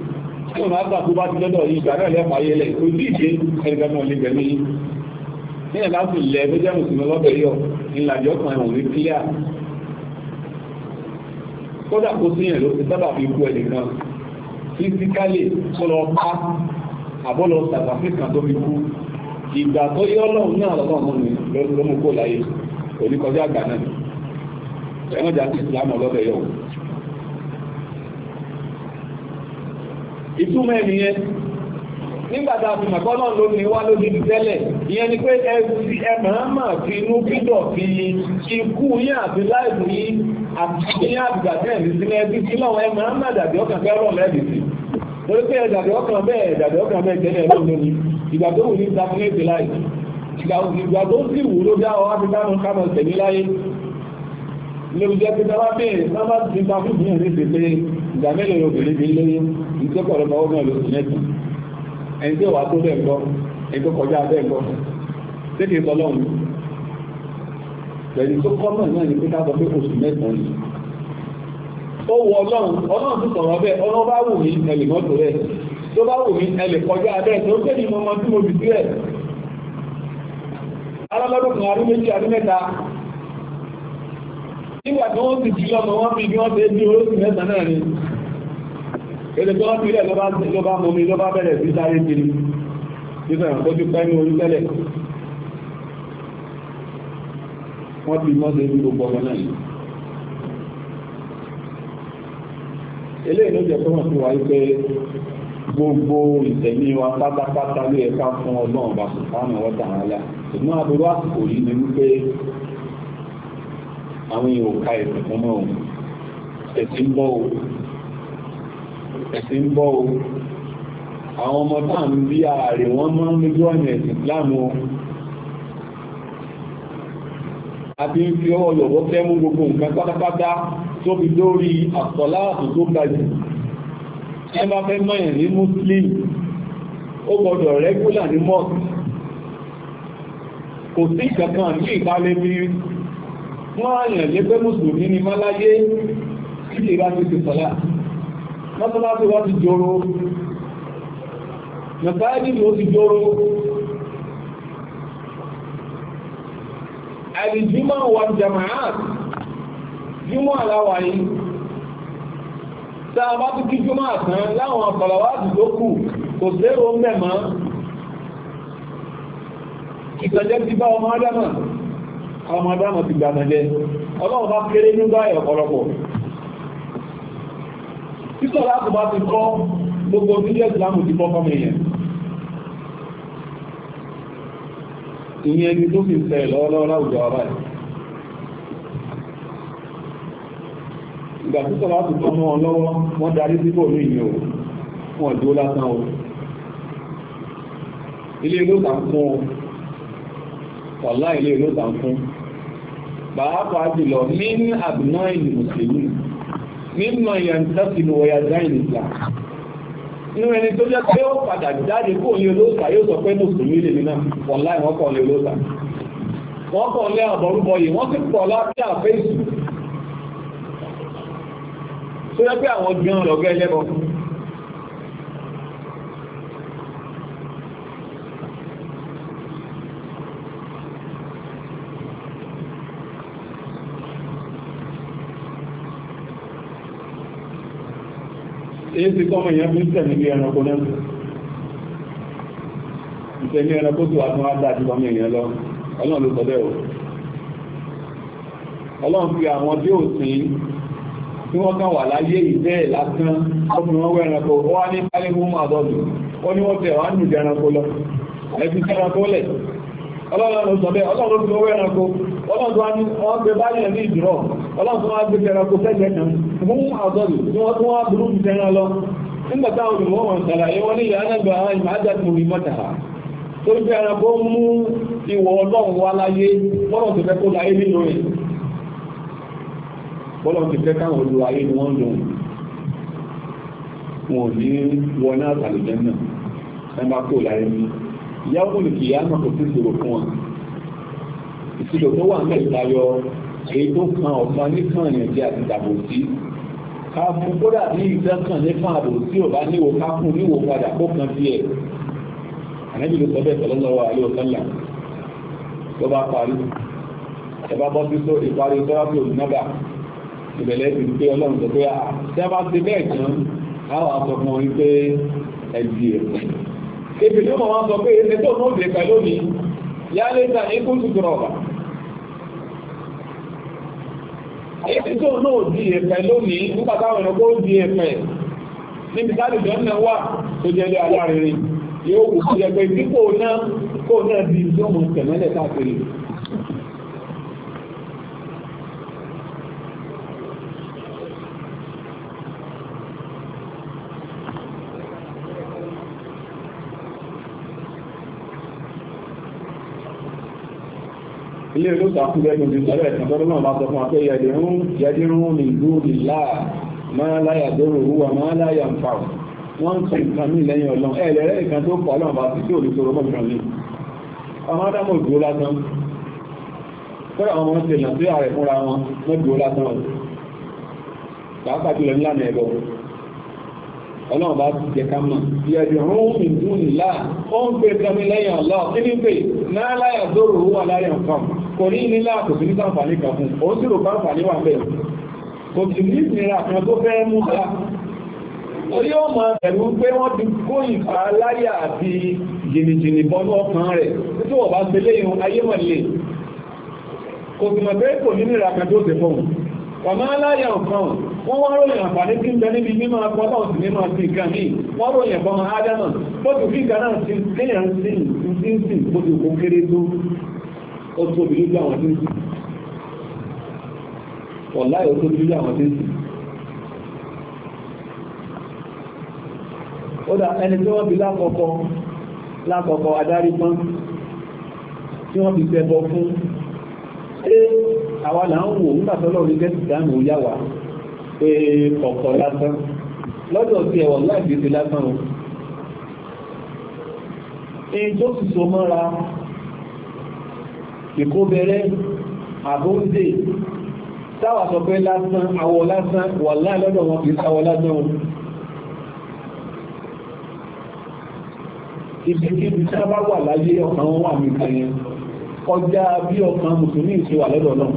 tí wọ́n máa gbà tó bá ti lọ́dọ̀ yìí gbà náà lẹ́pàá ayẹlẹ̀ tó dí ìṣe ẹgbẹ́ náà lè gbẹ̀mí yìí ní ẹ̀dá sì lẹ̀ tó jẹ́ mùsùlùmí lọ́bẹ̀ yọ ìlàjọ́ kan ẹ̀wọ̀n rí kílíà kódà kó sí yẹn ló ti sábà fi kú ẹnìkan fisikálì tó lọ pa àbọ́lọ sàtàfí kan tó fi kú ìgbà tó yọ ọlọ́run náà lọ́wọ́ ọmọ mi lọ́mú kó láyé òní kọjá àgbà náà ẹ̀wọ̀n jà sí ìsìlámù ọlọ́bẹ̀ yọ ìtumọ̀ ẹnìyẹn nígbàtà fi mọ̀kọ́ náà ló ní wá lójú tẹ́lẹ̀ ìyẹn ni pé ẹ̀sì ẹ̀mọ̀ọ́mọ̀ fi inú bídọ̀ fi ikú yín àti láìpù yín àti yín àbùgbà tẹ́ ẹ̀mí sílẹ̀ ẹbí sí lọ́wọ́ ẹ̀mọ̀ọ́mọ̀ dàbí ọkàn fẹ́ rọ̀ lẹ́bìí sí torí pé ẹ̀dàbí ọkàn bẹ́ẹ̀ dàbí ọkàn bẹ́ẹ̀ tẹ́lẹ̀ ló lóni ìgbà tó wù ní ìgbà tó ń sì wù ló dá ọ lórí jẹ́ pé tọ́wọ́ bèèrè tọ́wọ́ ti ta fún ìyẹn níbi pé ìgbà mélòó obìnrin bí lóyún ìtẹ́kọ̀ọ́ lọ́mọ ọgbọ́n ẹ̀ lóṣù mẹ́ta ẹni tí ó wà tó bẹ́ẹ̀ gbọ́ ètò kọjá bẹ́ẹ̀ gbọ́ tẹ́kì sọ lọ́run pẹ̀lú tó kọ́mọ̀ náà ni pé ká sọ pé oṣù mẹ́ta ni ó wọ ọlọ́run ọlọ́run tó sọ̀rọ̀ bẹ́ẹ̀ ọlọ́run bá wù mí ẹlẹ̀ mọ́tò rẹ̀ tó bá wù mí ẹlẹ̀ kọjá bẹ́ẹ̀ tó tẹ́lẹ̀ mọ́mọ́ tí mo bì sílẹ̀ alọ́lọ́dún kan arúgbó méjì arúgbó mẹ́ta nígbà tí wọ́n ti jí lọ́mọ wọ́n fi bí wọ́n ti bí orókù mẹ́ta náà ni èdè tó wọ́n fi rẹ̀ ló bá mọ́mí ló bá bẹ̀rẹ̀ sí sáré kiri nígbà tó ti pẹ́ ní orí tẹ́lẹ̀ wọ́n ti mọ́ sí gbogbo ọmọ náà yìí eléyìí ló jẹ́ tó wọ́n ti wáyé pé gbogbo ìtẹ̀mí wa pátápátá ló yẹ ká fún ọlọ́run bá sùn fáwọn ọ̀tá àlá ṣùgbọ́n àbúrò àsìkò yìí ni wípé àwọn èèyàn ká èrò fún o ẹ̀sìn bọ́ o ẹ̀sìn bọ́ o àwọn ọmọ táà ń bí ààrẹ wọ́n mọ́ lójú ọ̀nà ẹ̀sìn láàmú o àti ń fi ọwọ́ lọ̀wọ́ fẹ́ mú gbogbo nǹkan pátápátá tó fi lórí àsọ̀láàtù tó ga jù ẹ bá fẹ́ mọ̀yàn ní muslim ó gbọ́dọ̀ rẹ́gúlà ní mosque kò sí ìkankan ní ìbálẹ́bí wọ́n àyàn lé pé mùsùlùmí ni má láyé títí bá ti ti sọ́lá mọ́sálásí wọ́n ti jòrò mọ̀sáájì ló ti jòrò àdìjímọ̀ wà jàmáà jímọ̀ aláwà yìí tá a bá ti kí jímọ̀ àtàn láwọn àpàlàwádìí tó kù kò sérò mẹ́mọ́ ìtọ́jẹ́ ti bá ọmọ ádámà ọmọ adáàmà ti gbàmẹ́lẹ́ ọlọ́run bá kéré nígbà ọ̀pọ̀lọpọ̀ títọ̀ láti bá ti kọ́ gbogbo nílẹ̀ ìsìlámù ti kọ́kọ́ mẹ́yẹn ìyẹn ẹni tó fi sẹ̀ lọ́wọ́lọ́wọ́ láwùjọ ara ẹ̀ ìgbà títọ̀ láti kọ́ mọ́ lọ́wọ́ wọ́n darí síbò ní ìyẹn o wọ́n dúró lásán o ilé ìlú tà ń fún o wàlá ilé ìlú tà ń fún o pàápàá jùlọ min abnáìlì mùsùlùmí nínú ìyàntásílò ọ̀yà zain islam inú ẹni tó jẹ́ pé ó padà jáde kó ní olóòsà yóò sọ pé mùsùlùmí lè nínà wọ̀nláì wọ́n kọ̀ lé olóòsà wọ́n kọ̀ lé àbọ̀rúbọ yìí wọ́n sì pọ̀ lábẹ́ àfẹ́sù tó jẹ́ pé àwọn gan e sí kọ́mọ èèyàn fi ń tẹ̀mí bí ẹranko náà ìtẹ̀mí ẹranko tó wà fún wá dájú ọmọ èèyàn lọ ọlọ́run ló sọ bẹ́ẹ̀ o ọlọ́run fi àwọn tí ò sìn tí wà láyé lásán wọn wá ní ló ló fi ọlọ́run tó wá ní wọ́n gbé báyìí ní ìdúrọ̀ ọlọ́run tó wá gbé ẹranko sẹ́jẹ̀ kan fún àzọ́lù tí wọ́n tún wá burú ju tẹ́ran lọ nígbà táwọn olùwọ́ wọn ṣàlàyé wọn ní ìyá náà àwọn ìmọ̀ ajá tó rí mọ́ta tó ń fi ẹranko mú ìwọ̀ ọlọ́run wá láyé bọ́lọ̀ tó fẹ́ kó láyé nínú rẹ̀ bọ́lọ̀ tó fẹ́ káwọn olùwà ayé ni wọ́n lò wọn ní wọn náà tàlùjẹ́ náà ẹ máa kó láyé ní ìyá òkùnrin kìí á mọ̀ kó sí ìṣòro fún wọn ìṣirò tó wà mẹ́ta yọ èyí tó kan ọ̀kan nìkan ìrìnàjò àti ìdàbò sí ká fún kódà ní ìdẹ́kàn nìkan àbò tí ò bá níwò ká fún níwò padà kó kan tiẹ̀ ànábì ló sọ bẹ́ẹ̀ sallallahu alaihi wasallam tó bá parí ẹ bá bọ́ sí tó ìparí sọ́wọ́pì òmìnira ìbẹ̀lẹ̀ ti pé ọlọ́run tó pé àà tí a bá ti bẹ́ẹ̀ kan àwọn àtọkùn orí pé ẹ̀dì ẹ̀kọ́ kébìlì ó mọ̀ wá sọ pé ẹ̀ẹ́dẹ́gbọ̀n ó dé pẹ̀lú mi ya lẹ́gbà ní kó tuntun ọ̀bà èyí tó náà di ẹ̀fẹ̀ lónìí nígbà táwọn ẹ̀rọ di ẹ̀fẹ̀ níbi táàlì jọ́nà wà tó jẹ́ lé alárinrin yóò wù sí ẹgbẹ́ dípò náà náà di ìjọ́mọ̀ tẹ̀mẹ́lẹ̀ káàkiri ilé olóòtà fún ẹgbẹ́ ti sọ́rọ̀ ẹ̀sán tọ́rọ náà bá sọ fún àpẹ́ ìyẹ̀dẹ̀ ń jẹ́dí rún ní ìlú ìlà máa láyà dóró wúwa máa láyà ń fà wọ́n ń sọ nǹkan mí lẹ́yìn ọlọ́run ẹ̀ lẹ́rẹ́ nǹkan tó pọ̀ ọlọ́run bá ti tí olùsọ̀rọ̀ mọ́ nǹkan ní ọmọ adámọ̀ ìdúró lásán kọ́ra ọmọ ń ṣèyàn sí ààrẹ fúnra wọn mọ́ ìdúró lásán ọ̀ pàápàá jùlọ ńlá nà ẹ̀bọ̀ ọlọ́run bá kò rí nílá kò sí ní sàǹfààní kan fún ó sì rò bá àǹfààní wà bẹ́ẹ̀ kò sì ní ìnira kan tó fẹ́ mú bá orí ó mọ ẹ̀rù pé wọ́n ti kó ìfà láyà àti jìnnìjìnnì bọ́nú ọkàn rẹ̀ tí wọ́n bá gbé léyìn ayé mọ̀ lè kò sì mọ̀ pé kò ní ìnira kan tó ṣe fún ọmọ aláyà ọ̀kan wọ́n wá ròyìn àǹfààní tí ń bẹ níbi mímọ́ akọ́lá òsì mímọ́ sí nǹkan ní wọ́n ròyìn ẹ̀bọ́n ádámà bó ti fi ìgbà náà kéèyàn sí ìsínsìn bó ti kó kéré tó ó tóbi lójú àwọn tí ń sìn ọ̀la ó tóbi lójú àwọn tí ó dà ẹni tí wọ́n fi lákọ̀ọ́kọ́ lákọ̀ọ́kọ́ adarí pọ́n tí wọ́n fi tẹ̀bọ̀ fún ṣé àwa là ń wò nígbà tó lọ́rùn jẹ́ yá wa pé kọ̀ọ̀kọ̀ lásán lọ́dọ̀ sí ẹ̀wọ̀ láì fi lásán o. èyí tó sì so mọ́ra ìkóbẹ̀rẹ̀ àbóǹdè táwà sọ pé lásán awọ lásán wà láàlọ́dọ̀ wọn kìí sáwọ lásán wọn ibikíbi tí a bá wà láyé ọkàn wọn wà nìkan yẹn kọjá bí ọkàn mùsùlùmí ti wà lọ́dọ̀ náà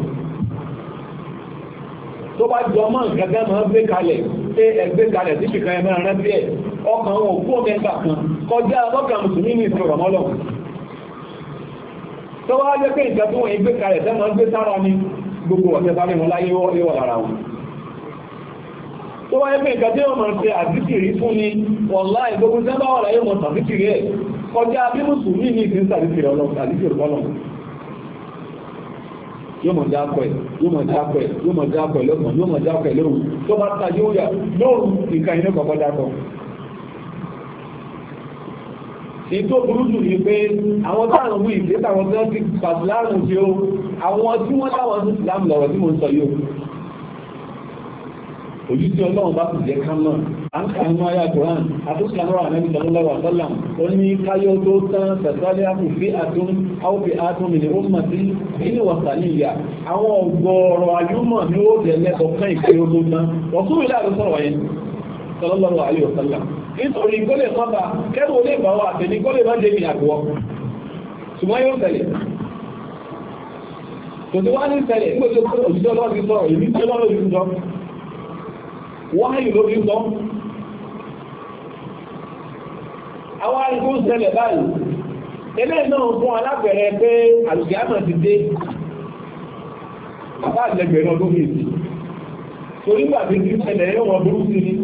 tó bá jọ mọ́ gẹ́gẹ́ máa ń gbé kalẹ̀ pé ẹgbẹ́ kalẹ̀ sí ìkànnì mẹ́rin rẹ́ bí ẹ̀ ọkàn wọn ò kú ọmọ ẹgbà kan kọjá ọkàn mùsùlùmí ti rọ̀ tó wá jẹ́ pé ìjọ tó wọ́n gbé kalẹ̀ tẹ́mọ̀ gbé sára ní gbogbo ọ̀tẹ́ sáré wọn láyé wọ́ lára wọn tó wá jẹ́ pé ìjọ tí wọ́n mọ̀ ṣe àdíkìrí fún ni wọ̀lá ìgbógun tẹ́ bá wà láyé mọ̀ sàdíkìrí ẹ̀ kọjá bí mùsùlùmí ní ìsìn sàdíkìrí ọlọ́run yóò mọ̀ dákọ̀ ẹ̀ yóò mọ̀ dákọ̀ ẹ̀ yóò mọ̀ dákọ̀ ẹ̀ lọ́kàn yóò mọ̀ dákọ̀ ẹ̀ lóhùn tó bá ta yóò yà lóhùn ètò burúkú ni pé àwọn táwọn wí ìdí táwọn tó ti pàtìláàrùn tí ó àwọn tí wọ́n láwọn tó ti láàmù lọ́rọ̀ tí mo ń sọ yóò òjú tí ọlọ́run bá kù jẹ́ kánmọ́ àǹkàánú ayá koran àtúnṣe àwọn àmẹ́bí sọlọ́lọ́wọ́ àtọ́là ó ní káyọ́ tó tán tẹ̀sọ́lẹ́ àkùnfí àtún àwòfí àtún mi ní ó mọ̀ sí nínú wọ̀sà ní ìyá àwọn ọ̀gọ̀ọ̀rọ̀ ayúmọ̀ ni ó tẹ̀lé ọ̀kan ìpè ó tó tán ọ̀tún ìlà àrùsọ̀rọ̀ yẹn sọlọ́lọ́wọ́ àlẹ́ ọ̀sọ́là nítorí gólè mọ́ba kẹ́rù olè bá wà àtẹ̀ní gólè má débi àgbọ̀ ṣùgbọ́n yóò tẹ̀lé kò tí wọ́n ní tẹ̀lé nígbà tí òṣìṣẹ́ ọlọ́run ti sọ̀rọ̀ èmi tí ọlọ́run ti sọ wáyù ló fi sọ àwọn arìnkú ń ṣẹlẹ̀ báyìí eléyìí náà fún alábẹ̀rẹ̀ pé àlùkìyàmọ̀ ti dé bàbá àlẹ́gbẹ̀rẹ̀ ọdún méjì torí gbàgbé ti ṣẹlẹ̀ ẹ̀rọ burúkú ni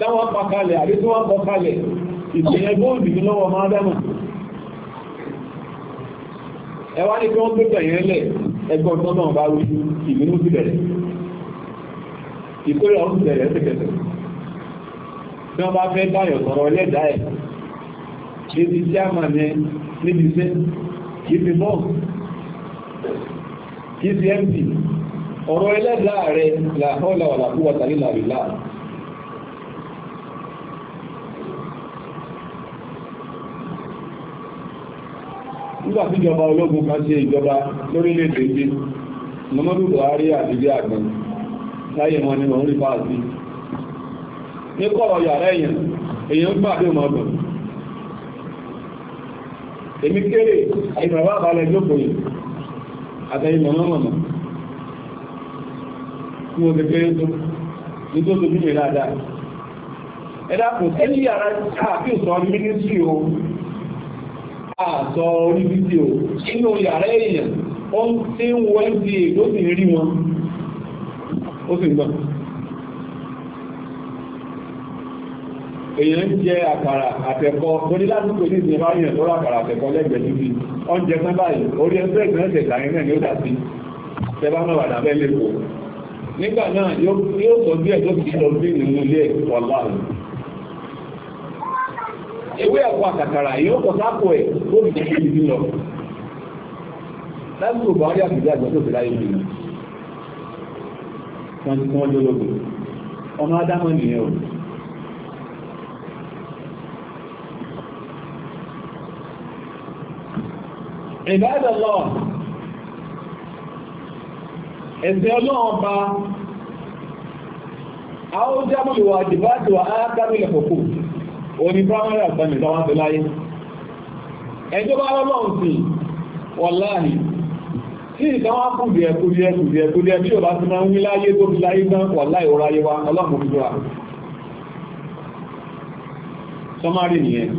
táwọn pa kalẹ̀ àbí tí wọ́n kọ kalẹ̀ ìpìlẹ̀ góòdì ní lọ́wọ́ máa dámà ẹ wá ní kí wọ́n pẹ́tẹ̀ yẹn lẹ̀ ẹgbọ́n tó náà bá wí ìbínú sí bẹ̀rẹ̀ ìkórè ọ̀hún bẹ̀rẹ̀ ẹsẹ̀kẹsẹ̀ tí wọ́n bá fẹ́ báyọ̀ sọ̀rọ̀ ẹlẹ́dà ẹ̀ níbi tí a máa ní níbi iṣẹ́ kìí fi bọ́ọ̀ kìí fi mp ọ̀rọ̀ ẹlẹ́dà rẹ̀ làhọ́là wàlàkúwà tàlílà rìláà nígbà tí ìjọba ológun kan ṣe ìjọba lórílẹ̀-èdè ìdí Muhammadu Buhari àdìdí àgbọn láyé wọn ni wọn rí fáàsì ní kọ̀rọ̀ yàrá èèyàn èèyàn gbàdé ọmọdún èmi kéré ìrọ̀wà àbálẹ̀ jókòó yìí àtẹ́yìn mọ̀mọ́ tí mo ti tó ní tó tó bí mi dáadáa ẹ̀dá kò yàrá àtọ orí fídíò inú yàrá èèyàn ó ń tí ń wọ nba ló sì rí wọn ó sì gbọ́n èèyàn ń jẹ àkàrà àtẹ̀kọ torí lásìkò ní ìsinmi bá yàn lórí àkàrà àtẹ̀kọ lẹ́gbẹ̀ẹ́ níbi oúnjẹ tán báyìí orí ẹgbẹ́ ìgbẹ́ ẹ̀sẹ̀ ìdáyẹn náà ni ó dà sí tẹ́bá náà wàdà bẹ́ẹ̀ lẹ́kọ̀ọ́ nígbà náà yóò sọ bí ẹ̀ tó ti lọ sí ìrìnlẹ̀ ọ̀la ewé ẹ̀kọ́ àkàkàrà yóò kọ̀ sápò ẹ̀ tó fi ṣe ibi lọ. lásìkò buhari àbújá àgbẹ̀tò ti láyé mi wọ́n ti kún ọjọ́ lógo ọmọ adámọ̀ nìyẹn o. ìbáàdà lọ ẹ̀sìn ọlọ́run ọba àwọn jámọ̀ ìwà àdìbáàdì wà á dámìlẹ̀ òní primary assembly tó wá sí láyé ẹjọ́ bá lọ́lọ́ sí wọláàrí tí ìdáwà kùdìẹ̀ kùdìẹ̀ kùdìẹ̀ kùdìẹ̀ tí ò bá ti máa ń wí láyé tó fi láyé náà wọláì oráyé wa ọlọ́pùn tó wà sọmárì nìyẹn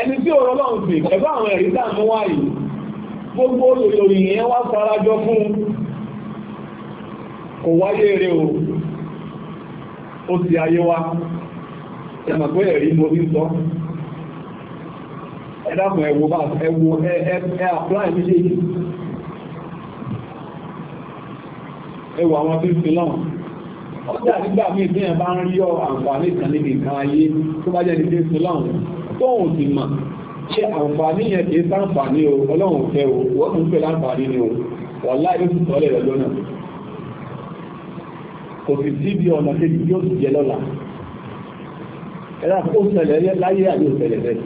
ẹni tí ò rọlọ́run sí ẹ̀bá àwọn ẹ̀rí dàmú wá yìí gbogbo olórí yẹn wá farajọ fún kò wáyé rẹ o ó ti ayé wa ẹmọ̀ pé ẹ̀rí mo bí sọ ẹ̀dàkùn ẹ̀wò bá ẹ̀wò ẹ̀ àpláì méjèèjì ẹwà àwọn tó ń fi lọ́n ọjà nígbà míì tí ẹ̀bá ń rí ọ àǹfààní kan níbi nǹkan ayé tó bá jẹ́ ní tó ń fi lọ́n tóun sì mọ̀ ṣe àǹfààní yẹn kìí sáǹfààní o ọlọ́run fẹ́ o wọ́n tún fẹ́ láǹfààní ni o wàhálà yóò sì sọ́lẹ̀ lọ́jọ́ náà kò sì sí ibi ọ̀nà kejì yóò sì jẹ lọ́la ẹ̀rọ àkókò ṣẹlẹ̀ láyé àbí òṣẹlẹ̀ bẹ́ẹ̀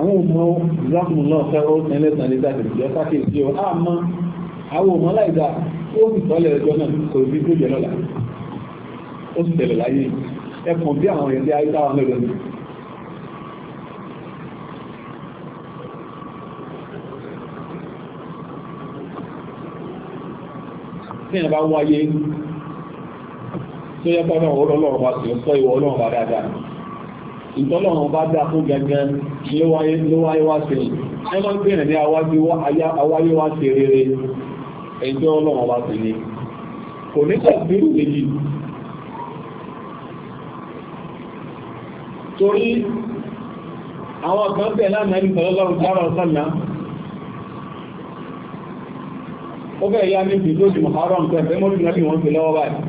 àwọn ọmọ ìlọ́kùnrin náà fẹ́ ó tẹ́lẹ̀ tán lé dáadé ìjọ sákèjì ọ àmọ́ àwọn ọmọ aláìda ó sì tọ́lẹ̀ ẹjọ́ náà kò sí tó jẹ lọ́la ó sì ìyẹn bá wáyé tó yẹ kọ́ náà ọlọ́run bá sì ń kọ́ ìwọ ọlọ́run bá dáadáa ìtọ́lọ́run bá dá fún gangan ló wáyé wá sí ẹ máa ń bèèrè ní awáyé wá sí rere ẹjọ́ ọlọ́run bá sì ní kò ní sọ bírù méjì torí àwọn kan bẹ̀ lánàá ní sọlọ́lọ́run sára ọ̀sánà ó bẹ̀ ya ní ìdíjọ́ ìmọ̀hárọ̀ nǹkan ẹ̀fẹ́ mọ́lùmí wọ́n fi lọ́wọ́ báyìí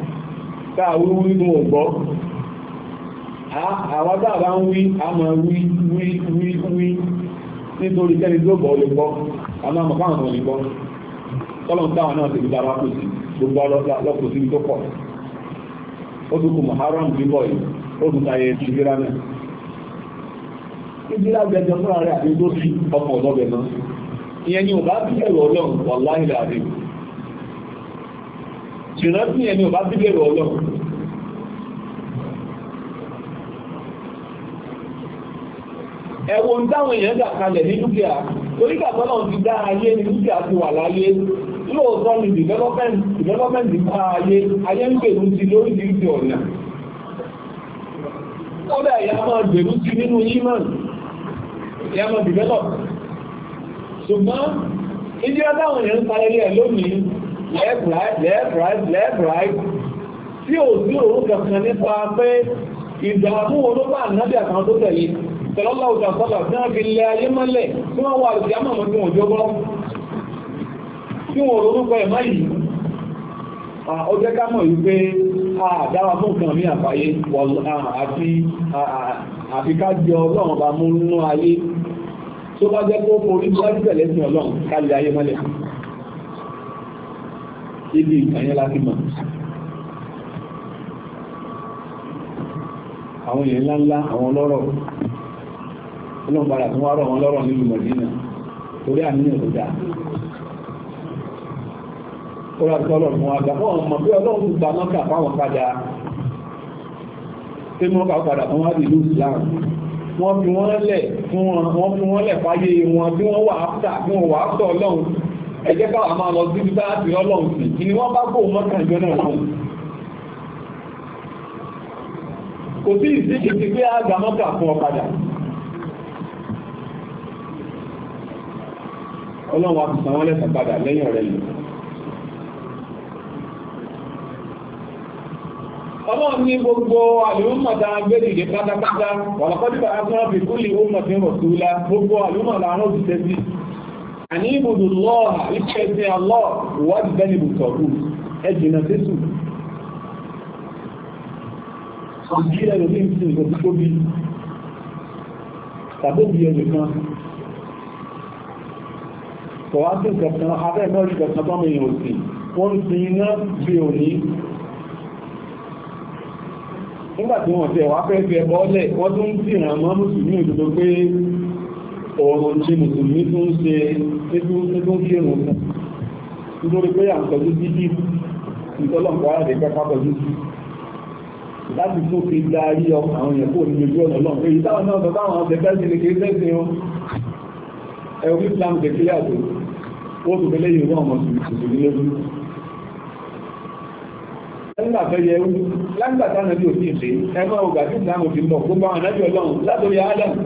ka wíwí mú ọ̀gbọ́ àwọn táà ń wí a máa wí wí wí wí nítorí kẹ́ni tó bọ̀ lè gbọ́ a máa mọ̀ káwọn lè gbọ́ tọ́lọ̀ táwọn náà ti kò sí gbogbo ọlọ́pọ̀ sí tó pọ̀ ó tún kù Muharram bíbọ̀ yìí ó tún náà fúnra àti tó fi ọkọ̀ náà ìyẹn ni ò bá bí ẹ̀rọ ọlọ́run wà ṣùgbọ́n tí ẹni ò bá sí bẹ̀rù ọlọ́run ẹ̀wọ̀n táwọn èèyàn dà kalẹ̀ ní dúkìá torí kàtọ́ náà ti dá ayé ní dúkìá ti wà láyé lóòótọ́ ni development development bá ayé ayé ń gbèrú sí lórí ìdíje ọ̀nà kódà ìyá máa gbèrú sí nínú human ìyá máa develop ṣùgbọ́n ìdíra táwọn èèyàn ń sáré ẹ̀ lónìí left right left right left right tí ò sí òun kankan nípa pé ìdààmú olóbá ànábì àkàn tó tẹ̀lé tẹ̀lọ́lá òjà sọ́là tí wọ́n fi lẹ ayé mọ́lẹ̀ tí wọ́n wà lùdí àmọ́ tí wọ́n jọgbọ́ tí wọ́n ronúkọ ẹ̀mọ́ yìí ó jẹ́ ká mọ̀ wípé àdáwà fún nǹkan mi àfàyè àfi ká jẹ ọlọ́run bá mú nínú ayé tó bá jẹ́ kó forí gbájú tẹ̀lé sí ọlọ́run ká ayé mọ́lẹ̀ níbi ìkànyẹ́ láti mọ̀ àwọn èèyàn ńláńlá àwọn ọlọ́rọ̀ ọlọ́pàá tó wá rọ̀ wọn lọ́rọ̀ nílùú mọ̀dínà torí àníyàn tó dáa ó rà tó ọlọ́run wọn àgbà fún ọmọ bí ọlọ́run gba mọ́kà fáwọn padà tí wọ́n bá padà fún wádìí ìlú Islam wọ́n fi wọ́n lẹ̀ fún wọn wọ́n fi wọ́n lẹ̀ fáyé wọn bí wọ́n wà áfítà bí wọ́n wà áfítà ọlọ́run ẹjẹ́ a ma lọ sí bíbá àti ọlọ́run sí kí ni wọ́n bá kó mọ́kàn ìjọ náà fún kò sí ìsíkì ti pé àgbà fún ọ̀padà ọlọ́run wa lẹ́sàn padà lẹ́yìn ọ̀rẹ́ yìí ní gbogbo àlùmọ̀ta gbẹ́dìdì pátápátá wàlàkọ́dìbà asọ́rọ̀ kúlì gbogbo àlùmọ̀ làwọn àní ibùdó lọ́ọ̀hà ìṣẹ́sẹ̀ àlọ́ ìwádìí bẹ́ẹ̀ni bùtọ̀gù ẹ̀jìnà tẹ́sù ìjìnlẹ̀ lórí ìsìn ìgbòkú tó bí tàbí ẹnìkan kò wá sí ìkẹ̀kan abẹ́ mọ́rí ìkẹ̀kan tó mọ̀ èèyàn òsì wọ́n ń sin iná bí òní nígbàtí wọ́n tẹ̀ wá fẹ́ fi ẹbọ wọ́n tún ń mọ́ mùsùlùmí òdodo pé ọ̀rọ̀ ṣe mùsùlùmí tó ń ṣe ẹgbùn kírùn fún nítorí pé à ń tọ́jú títí ìtọ́lọ̀pọ̀ ààrẹ pẹ́pá tọ́jú sí láti tó fi darí àwọn èèyàn kó ní ojú ọ̀nà lọ́nà èyí táwọn náà tọ́táwọn ọ̀sẹ̀fẹ́ sí ni kìí tẹ́sí wọn ẹ̀rí plan declare tó ó tó fẹ́lẹ́ yìí wọ́n ọmọ ìṣòdì lórí lẹ́gbà fẹ́ yẹ ẹrú lágbàtà náà bí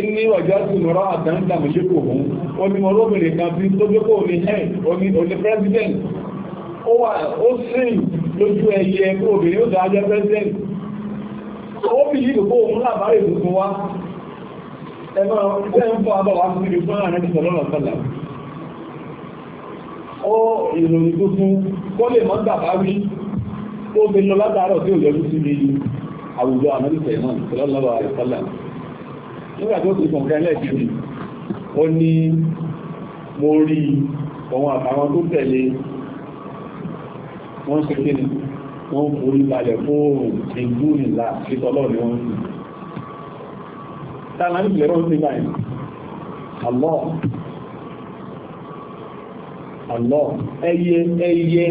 ní ọjọ́ sí lọ́rọ̀ àdáńdà mọ̀ṣẹ́kò òun ó ní ọlọ́bìnrin kan bí tó gbékò ní ẹ̀ òní òní president ó wà ó sìn lójú ẹyẹ obìnrin ó dájọ́ president ó fi yí gbogbo òun lábárè tuntun wá ẹ̀mọ́ ìfẹ́ ń fọ́ abọ́ wá sí ibi fún àrẹ ìṣẹ̀lẹ̀ lọ́nà sọ́là ó ìròyìn tuntun kó lè mọ́ gbàgbá rí ó nígbà tó ti kọ̀ǹkẹ́ lẹ́ẹ̀kì ó ní mo rí òun àtàwọn tó tẹ̀lé wọ́n ṣe kí ni wọ́n forí balẹ̀ fóòrùn ìlú ìlà ìtọ́lọ́ ni wọ́n sì tààlà nípìnlẹ̀ wọ́n sì báyìí àlọ́ àlọ́ ẹyẹ ẹyẹ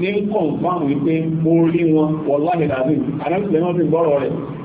ní kọ̀ǹfàmù wípé mo rí wọn wọ́n láhìdá sí àdáńtìlẹ̀ wọ́n sì gbọ́rọ̀ rẹ̀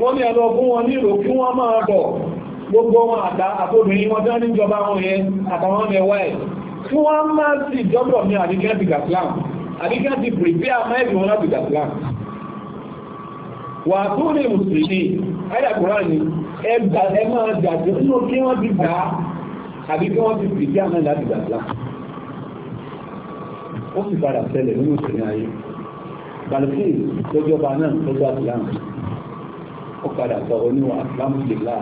wọ́n ní ẹlọ fún wọn nílò kí wọ́n máa bọ̀ gbogbo wọn àtà àtòbìnrin wọn tán níjọba wọn yẹn àtàwọn ẹwà ẹ̀ tí wọ́n máa sì jọ́bọ̀ ní àdíkẹ́ ti gàtlam àdíkẹ́ ti pèpè àmáìlì wọn láti gàtlam wà tó ní mùsùlùmí ayàkùnrán ni ẹgbà ẹ máa jàdé nínú kí wọ́n ti gbà á àbí kí wọ́n ti pèpè àmáìlì láti gàtlam ó sì padà ṣẹlẹ̀ nínú ìṣẹ̀lẹ̀ ayé balùkì lójọba náà lójọba náà padà sọ oníwà lámùsùlùmá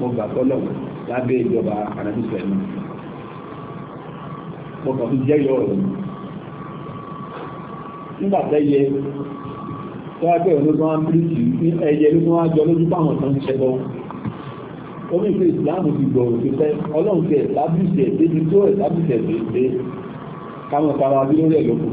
mo gbà tọ́lọ̀ lábẹ́ ìjọba àrẹ́bí sẹ́nu mo kàn fi jẹ́ yọ ọ̀rọ̀ nígbà tẹ́yẹ tọ́wọ́pẹ́ ológun wọn bíríkì ní ẹyẹ ológun wọn jọ lójú báwọn tán ṣẹbọ omi ìpè ìsìláàmù ti gbòòrò pípẹ́ ọlọ́run ti ẹ̀sábìsì ẹ̀ débi tó ẹ̀sábìsì ẹ̀ débi káwọn fara bí lórí ẹ̀ lókun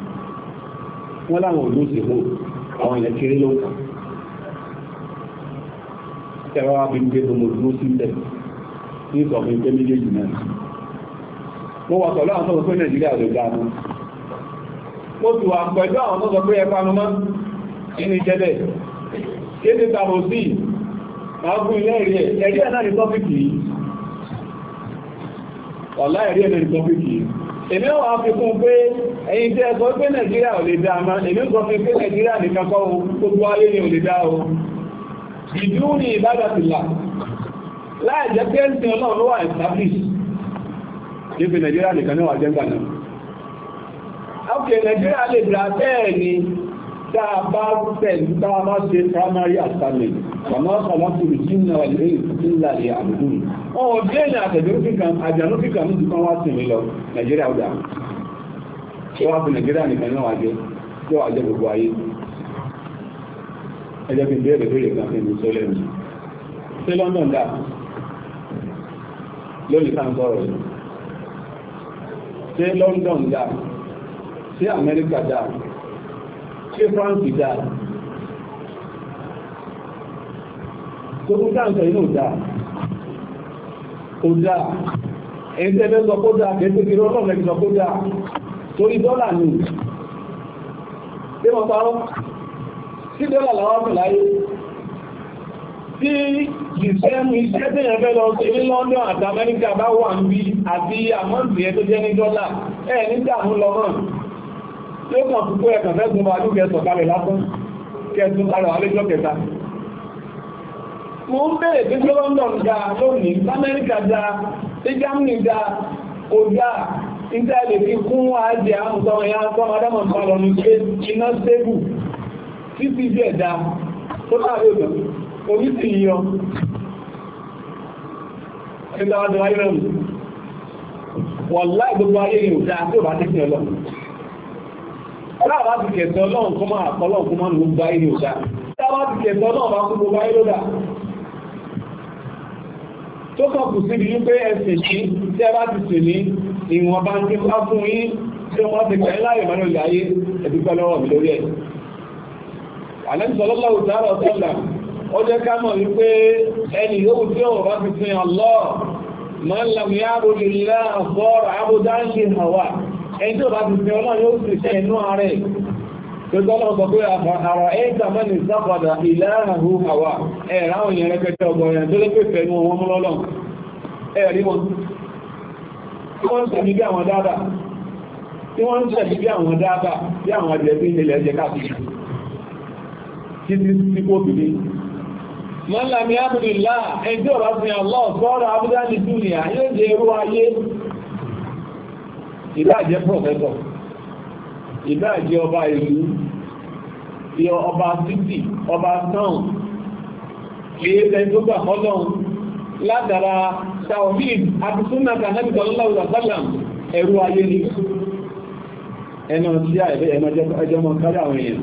wọ́n láwọn òlú sí mú àwọn ilẹ̀ kiri ló kàn tẹ́wọ́ wá bí ń gbé ọmọ òdúró sí tẹ̀ ní ìsọ̀fún pé méjèèjì náà mo wà pẹ̀lú àwọn sọ́sọ́ pé nàìjíríà lè dá mú mo sì wà pẹ̀lú àwọn sọ́sọ́ pé ẹ panu mọ́ nínú ìjẹ́bẹ̀ kéde tàbí sí máa fún ilé ẹ̀rí ẹ̀ ẹ̀rí ẹ̀ náà ní tọ́pìkì yìí ọ̀la ẹ̀rí ẹ̀ náà ní tọ́pìkì yìí èmi ò wá fi kún pé ẹ̀yin tí ẹ sọ pé nàìjíríà ò lè dá ma èmi sọ fi pé nàìjíríà nìkan kọ́ o gbogbo ayé ni ò lè dá o ìdú ni ìbádàtìlà láì jẹ́ pé ń sin ọlọ́run ló wà establish kí fi nàìjíríà nìkan ní wà jẹ́ gbà náà ok nàìjíríà lè dá bẹ́ẹ̀ ni tá a bá tẹ̀ tá a bá ṣe ọmọ ọmọkù ìjìnà ilé ìlà ìyà àbùdùn ọwọ́ bí ẹ̀nà àjànú kíkà ní ìtàn wá sí mi lọ nàìjíríà ó dà tí wọ́n fi nàìjíríà nìkan náà wájẹ́ tí wọ́n àjẹ́ gbogbo ayé ẹjẹ́ fi bẹ́ẹ̀rẹ̀ bẹ́ẹ̀rẹ̀ kan fi mú sọ́lẹ̀ mi sí London dà lónìí kan sọ̀rọ̀ sí London dà sí Amẹ́ríkà dà sí France dà tó kún káàkiri inú òdá òdá ẹni tẹ́lẹ̀ sọ kó dáa kẹ́sẹ̀ kiri ọlọ́run lẹ́gbẹ̀ẹ́ sọ kó dáa torí dọ́là ni tí wọ́n parọ́ sí dọ́là làwọn ọ̀pẹ̀ láyé tí ìsẹ́mù iṣẹ́ tẹ́yàn fẹ́ lọ sí ní London àti Amẹ́ríkà bá wà ń bí àti àmọ́ǹtì ẹ tó jẹ́ ní dọ́là ẹ̀ nígbà mú lọ náà tí ó kàn púpọ̀ ẹ̀kàn fẹ́ gun bàálù kẹsọ̀ kalẹ̀ lásán kẹsùn kalẹ̀ àlejò kẹta mo ń bèèrè pé pé London da lónìí Amẹ́ríkà da pé Germany da kò da níta fi kún àjẹ àmùsọ ya sọ adámọ̀ sọ̀rọ̀ ní pé iná stable títí díẹ̀ da tó láàrin òdò orí yọ ayé rẹ̀ wọ̀n láì gbogbo ayé yìí ò tí ò bá ti ọlọ́run ti tó kàn kù síbi wípé ẹsẹ̀ ní tí ẹ bá ti sè ní ìwọ̀n bá ń dínkà fún yín tí wọ́n ti pẹ̀lú láyé mọ́nà ilẹ̀ ayé ẹ̀dúgbẹ́ lọ́wọ́ mi lórí ẹ̀. àlẹ́sọ̀lọ́lọ́ òtàrà ọ̀sọ́là ó jẹ́ ká mọ̀ wípé ẹni yóò tí ó bá ti sin ọlọ́ máa ń lam ya bó lè lá àbọ̀ Tẹ́tọ́lọ́pọ̀ pé àrọ̀ ẹ́ta mẹ́ni sápadà ìlàáhù àwà ẹ̀rà àwọn èèyàn rẹpẹtẹ ọgbọ̀nyàn tó lépè fẹ̀mú wọn mú Ẹ̀rí wọn. Tí Tí wọ́n ń àwọn ìbáàjẹ́ ọba ìlú ti ọba títì ọba tán kìí tẹ́jú gbà ọlọ́run látara taofid àti súnà tàbí sallallahu alaihi wasallam ẹ̀rù ayé ni ẹnà tí a ẹ̀rẹ́ ẹ̀nà ẹjọ́ mọ́ kárí àwọn èèyàn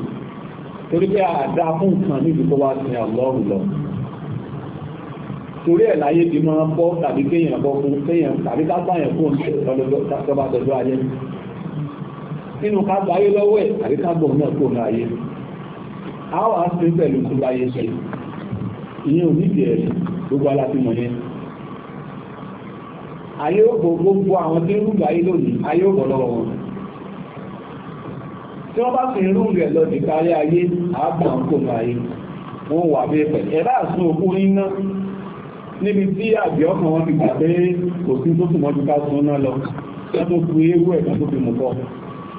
torí pé àdá fún nǹkan níbi tó wá sin ọlọ́run lọ torí ẹ̀ láyé ti máa bọ́ tàbí kéèyàn bọ́ fún kéèyàn tàbí ká báyàn fún ọjọ́ tọ́ba tọ́jú ayé nínú ká gba ayé lọ́wọ́ ẹ̀ àbí ká gbọ̀n náà kó náà ayé a wà á ṣe pẹ̀lú tó bá yé ṣe ìyẹn ò nídìí ẹ̀rí gbogbo aláfihàn yẹn ayé ò bọ̀ gbogbo àwọn tí ń rúgbà ayé lónìí ayé ò bọ̀ lọ́wọ́ wọn tí wọ́n bá fi irú rẹ̀ lọ di kárí ayé àágbà ń kó náà ayé wọ́n wà bí ẹ̀fẹ̀ ẹ̀rá àsun òkú níná níbi tí àbí ọkàn wọn ti gbà pé kò sí tó sùn mọ́jú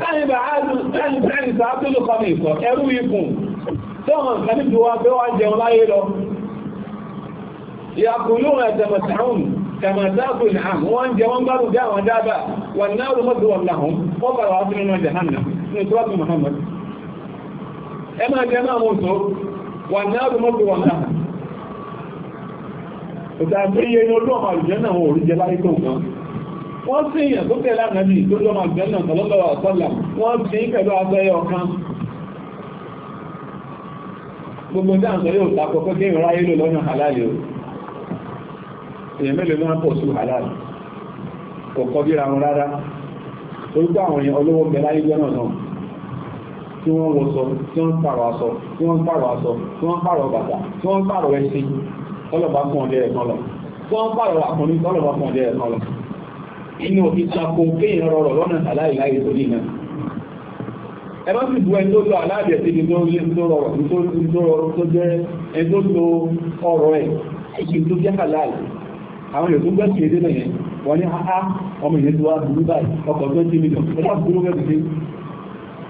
sáyìn bá áàdùn sáyìn sáyìn sáàtúlù kan ìsọ̀ ẹrú ikùn tọ́mọ̀ nǹkan tó wá pé wọ́n jẹun láyé lọ ìyàkùnlú ẹ̀tẹ̀mọ̀tàrún kàmàtàkù ìhàn wọ́n jẹ wọ́n gbárù dá àwọn dábà wọn náà ló mọ́tò wọn láhùn wọ́n bàrà wá sínú ọjà hànà ní jẹ láyé tó nǹkan wọ́n sí èèyàn tó tẹ̀lé ànábì tó lọ́mọ àgbẹ̀nà tọ́lọ́lọ́wọ́ àtọ́là wọ́n sí pẹ̀lú abẹ́yẹ ọ̀kan gbogbo tí a ń sọ yóò ta kọ́kọ́ kí lò lọ́nà halálì o èèyàn mélòó náà pọ̀ sí halálì kò kọ́ bí ra wọn rárá orúkọ àwọn èèyàn olówó bẹ̀ láyé jẹ́ náà náà tí wọ́n wọ sọ tí wọ́n pààrọ̀ aṣọ tí wọ́n pààrọ̀ aṣọ tí wọ́n pààrọ̀ bàtà tí wọ́n pààrọ̀ ẹṣin fún ọdẹ ẹ̀kan lọ tí wọ́n pààrọ̀ àkùnrin tọ́lọ̀bá fún ọdẹ ẹ̀kan lọ inú òfin tako kéèyàn rọrọ̀ lọ́nà aláìláyé tó nìyàn ẹ bá sì bu ẹni tó lo aláàbẹ̀ sí ni tó lé tó rọrọ̀ tó rọrọ̀ tó jẹ́ ẹni tó lo ọrọ̀ ẹ̀ ìṣe tó jẹ́ halal àwọn èèyàn tó gbẹ́ sí èdè nìyẹn wọ́n ní ha ọmọ ìyẹn tó wá burú báyìí ọkọ̀ tó ti mílíọ̀n ẹ bá burú bẹ́ẹ̀ sí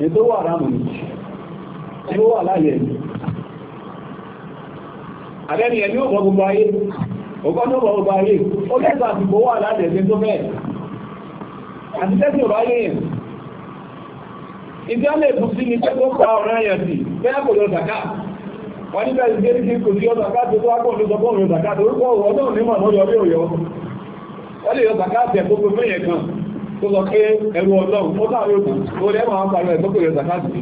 ẹni tó wà ráàmù ni ẹni tó wà láàyè ni àbẹ́ni ẹni ó bọ́ gbogbo ayé ọgọ́ tó bọ́ gbogbo ayé ó lẹ́sà àtìgbò wà láàyè ẹni tó bẹ́ẹ̀ àti tẹ́sí ọ̀rọ̀ ayé yẹn ìdí á lè bùsí ni pé kó pa ọ̀rọ̀ ayẹ̀ sí bẹ́ẹ̀ kò lọ zàká wọ́n nígbà tí dé ní kò sí yọ zàká tó tó wákọ̀ lóṣọ bọ́ọ̀lù zàká tó rúkọ ọ̀rọ̀ náà nímọ̀ náà yọ bí òyọ́ wọ́n lè yọ zàká tẹ̀ gbogbo fún yẹn kan tó lọ pé ẹrù ọlọ́run ó láàrin òkú tó lẹ́ máa ń parí ẹ̀ tó kò yọ zàká sí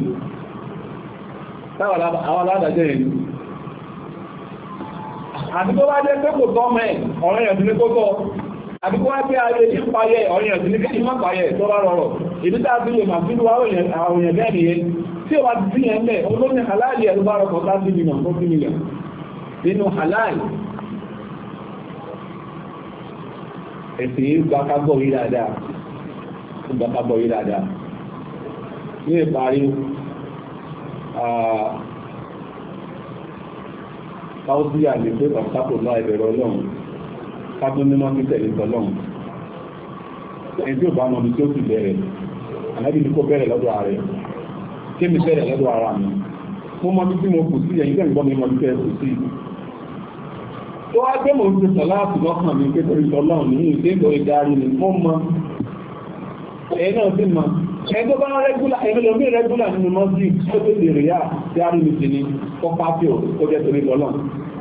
táwọn aládàjẹ́ yẹn àti tó bá jẹ́ pé kò tọ́ mẹ́ ọ̀rọ̀ yẹn ti ní àbí kó wá pé ayé ní payẹ ọ̀rìn ẹ̀sìn ní kẹ́ni má payẹ tó bá rọrọ̀ ìlú tá a ti lè mà sínú àwọn èèyàn bẹ́ẹ̀ nìyẹn tí ó bá ti sí yẹn mẹ́ olómi halali ẹ̀ ló bá rọkọ̀ tá sí mílíọ̀n tó sí mílíọ̀n nínú halali ẹ̀sìn yìí gba kábọ̀ yìí dáadáa gba kábọ̀ yìí dáadáa ní ìparí káwọ́síyà lè pé pàtàkùn náà ìbẹ̀rẹ̀ ọlọ́run kátó mímọ́ sí tẹ̀lé tọ́lọ́run ẹni tí ò bá mọ ibi tí ó sì bẹ̀rẹ̀ ànábì ní kó bẹ̀rẹ̀ lọ́dọ̀ ààrẹ kémi bẹ̀rẹ̀ lọ́dọ̀ ara mi mo mọ ibi tí mo kù sí ẹ̀yin tẹ̀yìn bọ́ mi mọ ibi tẹ̀ kù sí tó wá gbé mò ń ṣe sọ̀láàtì lọ́kàn mi pé torí tọ́lọ́run nínú ìṣe ìgbòrí darí ni mo mọ ẹ̀yin náà sì mọ ẹ̀yin tó bá rẹ́gúlà ẹ̀yin lómi rẹ́gúlà nínú mọ́sí ó tó lè rí à tí a rí mi sí ni kó pàṣẹ ò kó jẹ́ torí tọ́lọ́run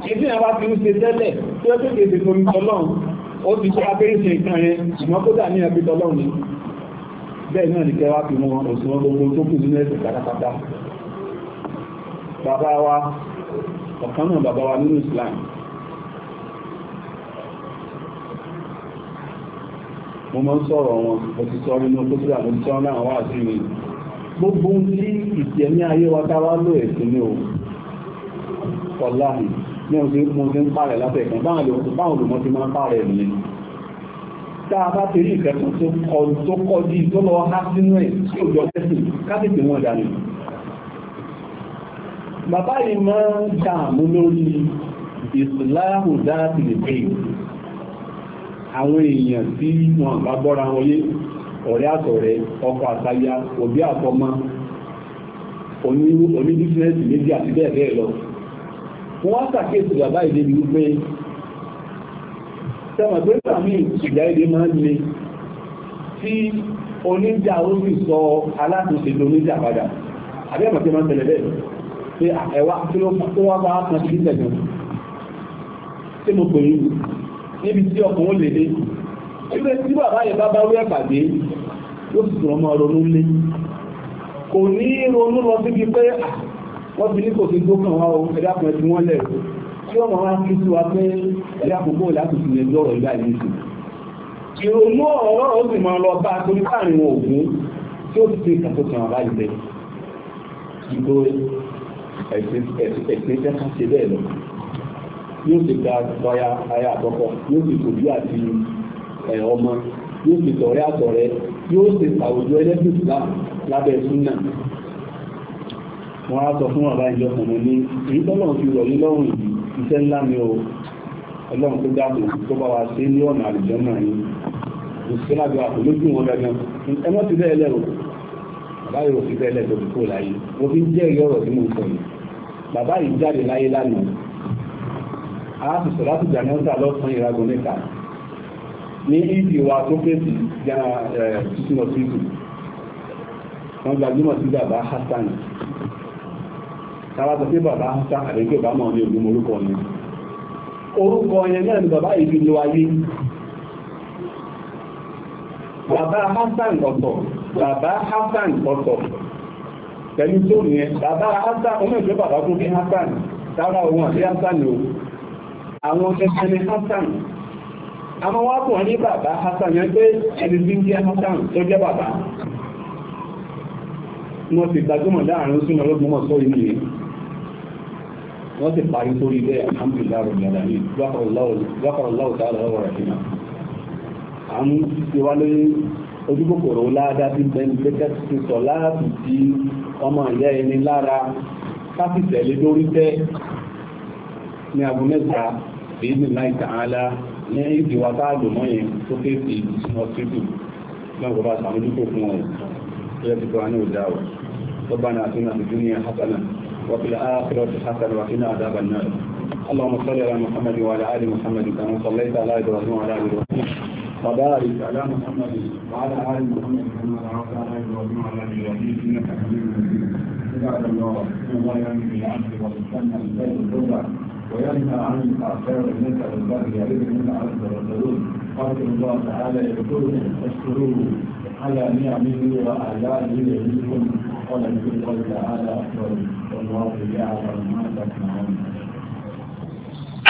ìdí ìyàwó fi ń ṣe tẹ́lẹ̀ tí ó tẹ́lẹ̀ ìdè torí tọ́lọ́run ó ti ṣe abẹ́rẹ́ṣe nǹkan rẹ̀ ṣùgbọ́n kó dà ní ẹbí tọ́lọ́run ni bẹ́ẹ̀ náà ní kẹwàá fi mọ òṣùwọ́n gbogbo tó kù nínú ẹ̀sìn pátápátá bàbá wa ọ̀kan náà bàbá wa nínú Islam mo máa ń sọ̀rọ̀ wọn mo ti sọ nínú kókíra mo ti sọ náà wà sí mi gbogbo tí ìtẹ̀mí ayé wa táwa lò ẹ̀sìn ni ní ọdún mo ti ń pààrẹ̀ látẹ̀kùn báwọn olùmọ́ ti máa ń pààrẹ̀ nìyẹn tá a bá ti rí ìfẹ́kùn tó kọjú tó lọ há sínú ẹ̀ tí òjò tẹ́sìn káfíìsì wọn dànù bàbá yìí máa ń dààmú lórí ìsìláàmù dáàtì nìpé àwọn èèyàn tí wọn bá gbọ́ra wọn yé ọ̀rẹ́ àtọ̀rẹ́ ọkọ àtayá òbí àtọmọ oníbísínẹ́sì méjì àti bẹ́ẹ̀ bẹ́ẹ̀ lọ wọ́n sàkéèsì bàbá ìdè ní wípé sẹ́wọ̀n pé sàmì ìjà èdè máa ń le tí oníjà ó sọ alátùnṣe tó oníjà padà àbí tí máa ń tẹ̀lé bẹ́ẹ̀ pé ẹ̀wà tí ó wá bá kan sí tí mo pè níbi tí ọkùnrin lè dé tí bàbá yẹn bá bá pé wọ́n fi ní kò sí gbókàn wá o ẹ̀dá kan ẹ̀sìn wọ́n lẹ̀ tí wọ́n máa fi sí wa pé ẹ̀dá kan bóòlù láti fi lè lọ́rọ̀ ìgbà yìí sí. ìrònú ọ̀rọ̀ ó sì máa lọ bá a torí káàrin wọn ògún tí ó ti fi ìtàkùnkàn àbá ìlẹ̀ ìgbó ẹ̀sìn tẹ́ka ṣe bẹ́ẹ̀ lọ yóò ti gba ọya aya àkọ́kọ́ yóò ti tòjú àti ọmọ yóò ti tọ̀rẹ́ àtọ̀rẹ́ yóò ti tàwùjọ ẹlẹ́sìn lábẹ́ súnà wọ́n á sọ fún bàbá ìjọ kan ní èyí fi rọ̀ yín lọ́rùn iṣẹ́ ńlá ni o ọlọ́run tó dáàbò tó bá wa ṣe ní ọ̀nà àlùjọ náà ni òṣìṣẹ́ lágbo àpò lójú wọn gangan ẹ mọ́ ti bẹ́ẹ̀ lẹ́rù bàbá yóò fi bẹ́ẹ̀ lẹ́rù tó kó láyé mo fi ń jẹ́ ìyá ọ̀rọ̀ tí mo sọ yìí bàbá yìí jáde láyé lánàá a sọ̀rọ̀ láti jà náà sàlọ́ fún ìrago mẹ́ta ní ìdí wa tó fèsì jẹ́ tuntun ọ̀sìn wọ́n gbajúmọ̀ sí bàbá Hassan káwàtà pé bàbá ń sá àrẹ́gbẹ́ bá mọ̀ ní ògùn orúkọ ni orúkọ yẹn náà ni bàbá yìí fi lo ayé bàbá Hassan ọ̀tọ̀ bàbá Hassan ọ̀tọ̀ pẹ̀lú tó nìyẹn bàbá Hassan ọmọ ìgbé bàbá tó ní Hassan sára òun àti Hassan o àwọn ẹgbẹ́ ni Hassan àwọn wá pọ̀ ní bàbá Hassan yẹn pé ẹni tí ń jẹ́ Hassan tó jẹ́ bàbá wọ́n ti gbajúmọ̀ láàrin sínú ọlọ́gbọ́n mọ̀ sọ ìlú yìí wọ́n sì parí sórí ilé alhamdulillah rabbil alamin gbàkọ̀rọ̀láwò tààrà ọ̀rọ̀ rẹ̀ fìmà àmú ti wá lórí ojúkòkòrò ládá tí bẹ́ẹ̀ ní pẹ́kẹ́ ti sọ láti di ọmọ ìyá ẹni lára káfí tẹ̀lé lórí tẹ́ ní aago mẹ́ta èyí ní láì tààlà ní ìdíwá táàgò mọ́ yẹn tó ké sí ọsítù náà kò bá sàmójúkò fún ọ ìyá ti bá ní ọjà ọ tó bá ní àtúnà ìdúnyà hasanah وفي الآخرة حسنة وفينا عذاب النار اللهم صل على محمد وعلى آل محمد كما صليت على إبراهيم وعلى آل إبراهيم وبارك على محمد وعلى آل محمد كما صليت على إبراهيم وعلى آل إبراهيم إنك حميد مجيد عباد الله إن الله يأمر بالعدل والإحسان وإيتاء ذي وينهى عن الفحشاء والمنكر والبغي يعظكم لعلكم تذكرون قال الله تعالى يذكركم فاشكروه على نعمه وآلائه يزيدكم قال في الله تعالى والله يعلم ما تصنعون